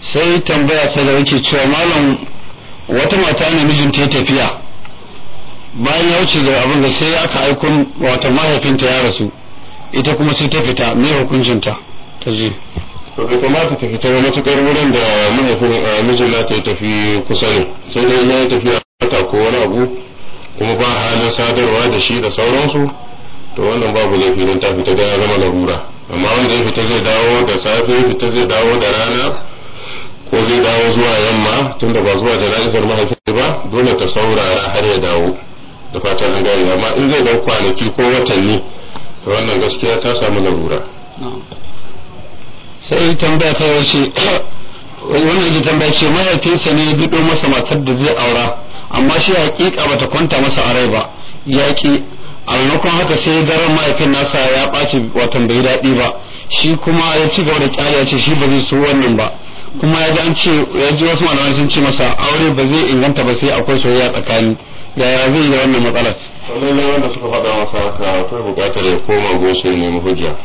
sai tambaya ta da yake cewa malam wata mata ne mijinta ya tafiya bayan ya wuce da abin da sai aka aiko wata mahaifinta ya rasu ita kuma sai ta fita me hukuncinta ta je to bai kamata ta fita wani matukar wurin da mahaifin eh, mijin na ta tafi kusa ne sai dai ya tafiya ta ko wani abu kuma ba halin sadarwa da shi da sauransu to wannan babu laifi ta fita da ya zama larura amma wanda ya fita zai dawo da safe fita zai dawo da rana ko zai dawo zuwa yamma tunda ba zuwa jana'izar mahaifi ba dole ta saurara har ya dawo da fatan an amma in zai dau kwanaki ko watanni to wannan gaskiya ta samu larura sai tambaya ta wace wannan mahaifinsa ne ya bido masa matar da zai aura amma shi hakika bata kwanta masa a rai ba ya ki a maimakon haka sai daren mahaifin nasa ya ɓaci watan bai daɗi ba shi kuma ya ci gaba da kyale ya ce shi ba zai so wannan ba kuma ya ji an ce ya ji wasu malamai sun ce masa aure ba zai inganta ba sai akwai soyayya tsakani yaya zai yi wannan matsalar lallai wanda suka faɗa masa haka akwai buƙatar ya koma gosu ya nemi hujja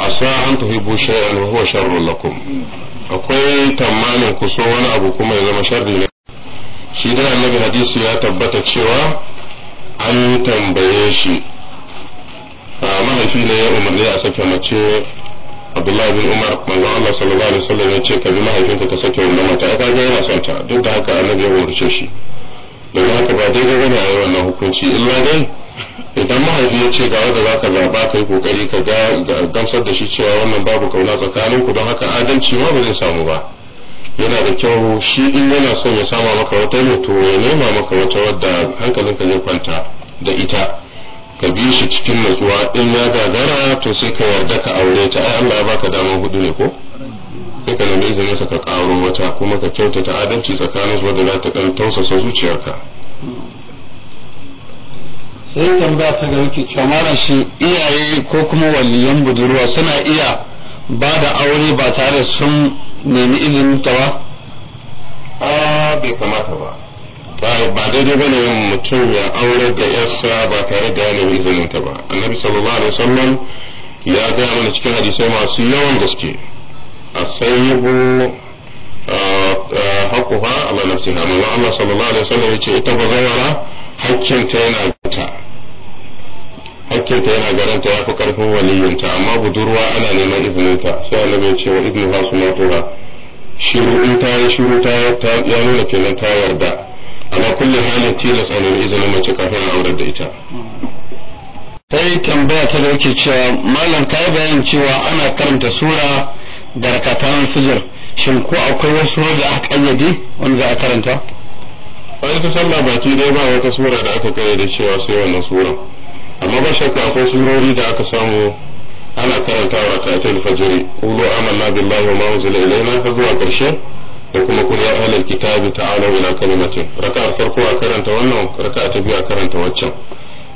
asa an tafi bushe an huwa sharrun lakum akwai tamanin ku so wani abu kuma ya zama sharri ne shi da annabi hadisi ya tabbata cewa an tambaye shi A mahaifi ne ya umarni a sake mace abdullahi bin umar manzo Allah sallallahu alaihi wasallam ya ce ka bi mahaifinka ka sake wannan mata ya kaga yana son ta duk da haka annabi ya horace shi don haka ba daidai bane a yi wannan hukunci illa dai idan mahaifi ya ce ga wanda za ka zaba kai kokari ka ga gamsar da shi cewa wannan babu kauna tsakanin ku don haka adalci ma ba zai samu ba yana da kyau shi in yana son ya sama maka wata to ya nema maka wata wadda hankalinka zai kwanta da ita ka bi shi cikin natsuwa in ya gagara to sai ka yarda ka aure ta ai Allah ya baka dama hudu ne ko sai ka nemi izinin sa ka karo wata kuma ka kyautata adalci tsakanin su wanda za ta kan tausasa zuciyarka sai ba ta ga wuce cewa shi iyaye ko kuma waliyan budurwa suna iya ba da aure ba tare sun nemi izinin ta ba a ah, bai kamata ba ba daidai ba ne mutum ya aure da yarsa ba tare da yanayin izininta ba annabi sallallahu alaihi wasallam ya gaya mana cikin hadisai masu yawan gaske a sayyibu haƙuha ala nafsiha mai Allah sallallahu alaihi wasallam ya ita ba zawara hakkinta yana ta hakkinta yana garanta ya fi karfin waliyinta amma budurwa ana neman izininta sai annabi ya ce wa idnu hasu matura shiru in ta yi shiru ta ya nuna kenan ta yarda ala kullum halin tilas a nuna izinin mace kafin a aurar da ita sai tambaya ta da yake cewa malam ta yi bayanin cewa ana karanta sura da rakatan fijir shin ko akwai wasu sura da aka kayyade wanda za a karanta Wani ta sallah baki dai ba wata sura da aka kayyade cewa sai wannan sura amma ba shakka akwai surori da aka samu ana karanta wa rakatan fajiri qulu amanna billahi wa ma unzila ilayna zuwa karshe da kuma kun ya ahlal kitabi ta'alu ila kalimatin raka'ar farko a karanta wannan raka ta biyu a karanta waccan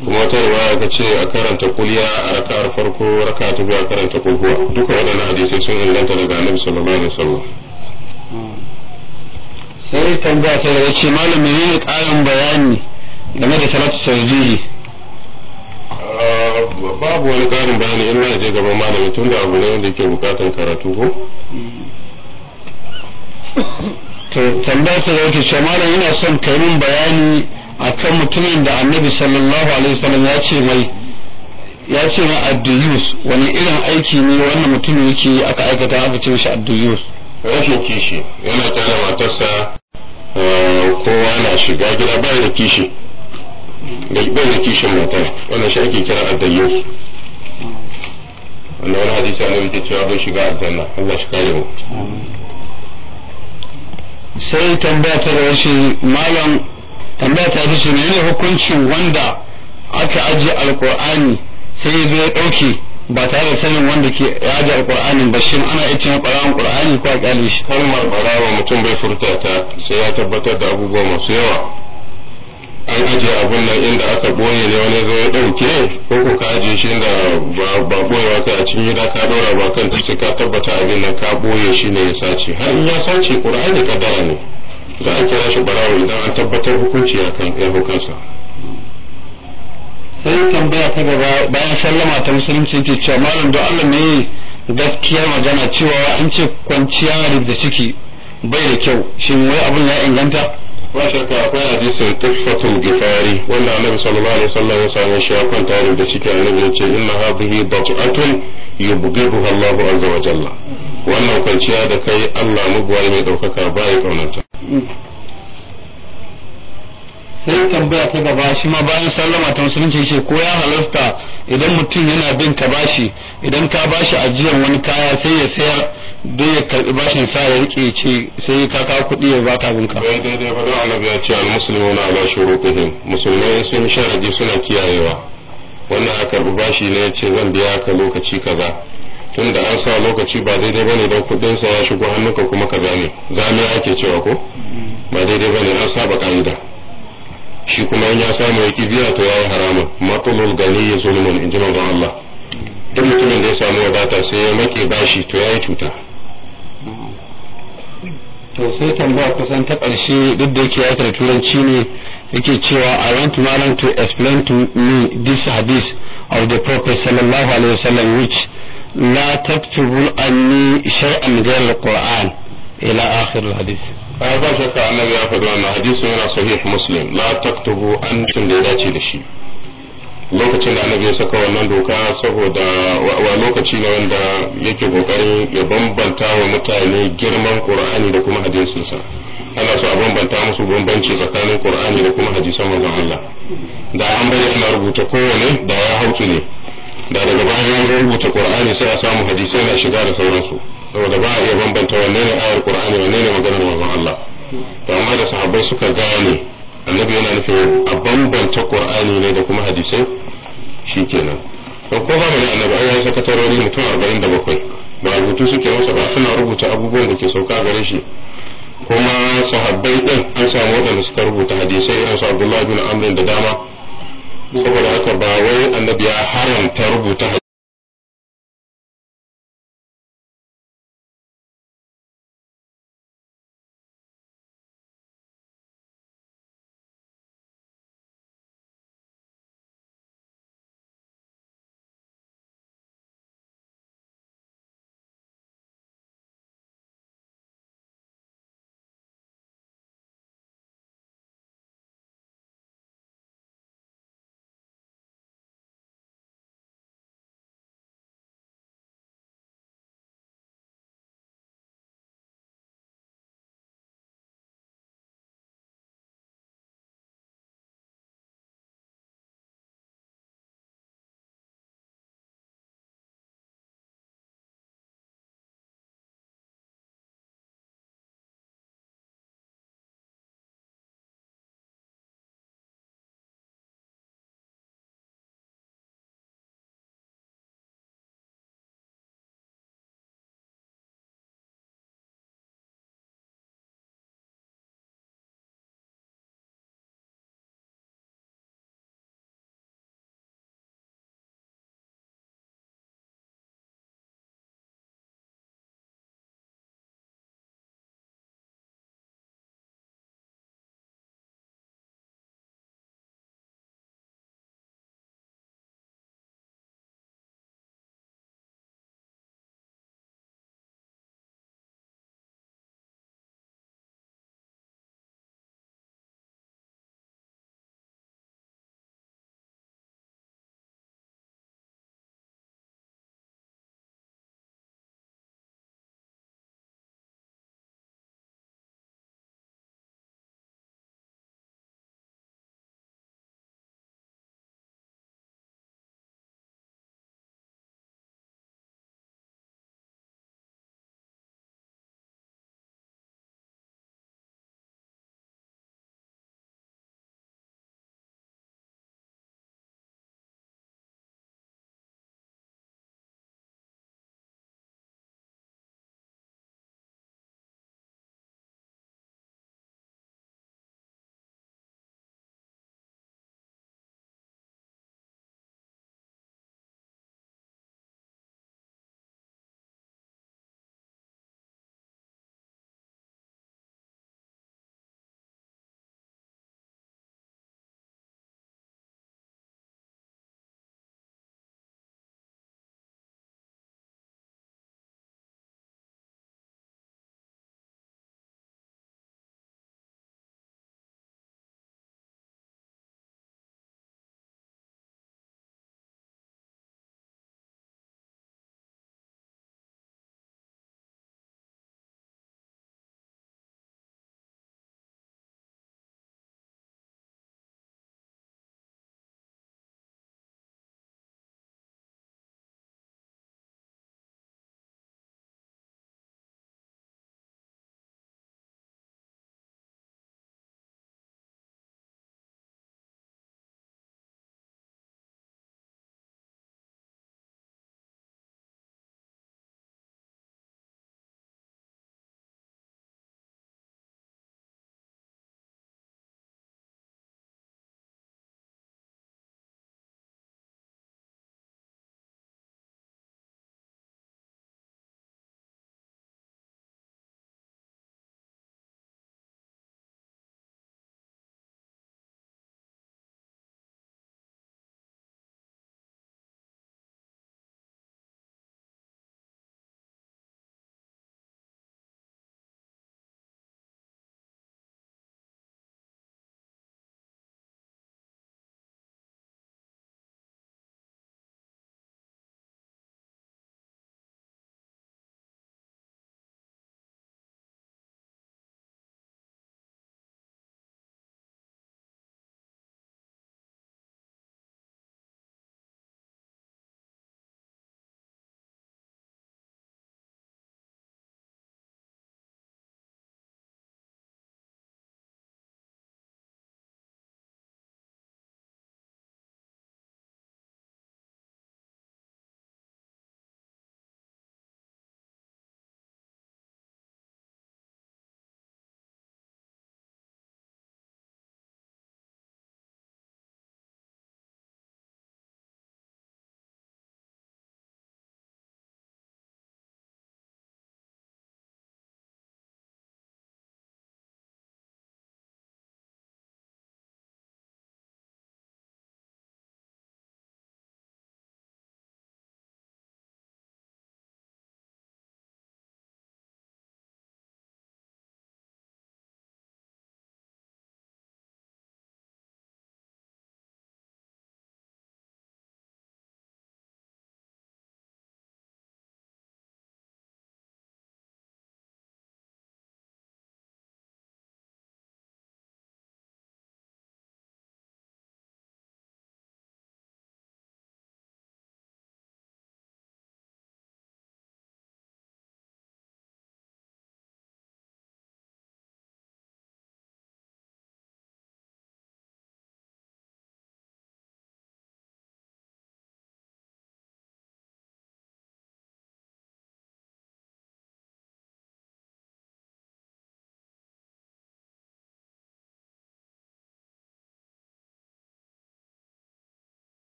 kuma wata riwaya ka ce a karanta kulya a raka'ar farko raka ta biyu a karanta kulhuwa duka waɗannan hadisai sun inganta daga annabi sallallahu alaihi wasallam sai tambaya ta daga ce malam ne kayan bayani game da salatu tarjihi ah, babu wani ƙarin bayani in na je gaban malami tunda abu ne wanda yake bukatan karatu ko to tambaya ta ce malam son kai min bayani akan mutumin da annabi sallallahu alaihi wasallam ya ce mai ya ce mai addiyus wani irin aiki ne wannan mutumin yake aka aikata aka ce shi addiyus rashin kishi yana tare matarsa eh, kowa na shiga gida ba da kishi da ba da kishin matar wannan shi ake kira addiyus wannan wani hadisi annabi ke cewa bai shiga aljanna Allah shi kare mu sai tambaya ta da shi malam tambaya ta shi ne hukuncin wanda aka ajiye alkur'ani sai zai ɗauki ya ɗauke ba tare da sanin wanda ke yaji alkur'ani ba shin ana iya cin ɓarawan ƙur'ani ko a ƙyale shi kalmar ɓarawa mutum bai furta ta sai ya tabbatar da abubuwa masu yawa an ajiye abun nan inda aka boye ne wani zai ɗauke ko ko ka shi inda ba boyewa kai a cikin gida ka ɗora ba kan ta ka tabbata abin nan ka boye shi ne ya sace har in ya sace ƙur'ani kadara ne za a kira shi barawo idan an tabbatar hukunci ya kan ya hukunsa. sai tambaya ta gaba bayan sallama ta musulunci ke cewa malam da Allah ne gaskiyar magana cewa an ce kwanciya da ciki bai da kyau shin wai abin ya inganta ba shakka akwai hadisin تكفة gifari wanda annabi صلى الله عليه وسلم same shi ya kwanta da ciki annabi ya ce inna hadhihi bat'atun yubghiduha Allahu azza wa jalla wannan kwanciya da kai Allah mugwaye mai sai tambaya ta gaba shi ma bayan sallama ta musulunci ce ko ya halasta idan mutum yana bin ka bashi idan ka bashi ajiyar wani kaya sai ya sayar duk ya karbi bashin sa ya rike ce sai ka ka kuɗi ya baka abin ka bai daidai ba don Allah ya ce al muslimuna ala shurutihim musulmai sun sharadi suna kiyayewa wannan ya karbi bashi ne ya ce zan biya ka lokaci kaza Tunda da an sa lokaci ba daidai bane don kuɗin sa ya shigo hannunka kuma kaza ne ya ke cewa ko ba daidai bane an saba ka'ida shi kuma in ya samu ya biya to yayi haramun matulul gani ya zulmun in ji Allah duk mutumin da ya samu wadata sai ya make bashi to ya yi cuta to sai tambaya kusan ta ƙarshe duk da yake yata da turanci ne yake cewa i want malam to explain to me this hadith of the prophet sallallahu alaihi wasallam which لا تكتب عني شيئا غير القرآن إلى آخر الحديث هذا yana النبي أخذ أن la من صحيح مسلم لا تكتب أنتم da shi. lokacin da annabi ya saka wannan doka saboda wa lokaci ne wanda yake kokarin ya bambanta wa mutane girman qur'ani da kuma hadisinsa ana so a bambanta musu bambanci tsakanin qur'ani da kuma hadisan manzon Allah da an bari ana rubuta kowane da ya hauki ne da daga bayan an rubuta qur'ani sai a samu hadisai na shiga da sauransu saboda ba a iya bambanta wanne ne ayar qur'ani wanne ne maganar manzon Allah to amma da sahabbai suka gane annabi yana nufin a bambanta qur'ani ne da kuma hadisai shikenan to ko ne annabi an sakatarori mutum arba'in da bakwai ba rubutu suke masa ba suna rubuta abubuwan da ke sauka gare shi kuma sahabbai din an samu wadanda suka rubuta hadisai irin su abdullahi bin amrin da dama saboda haka ba wai annabi ya haramta rubuta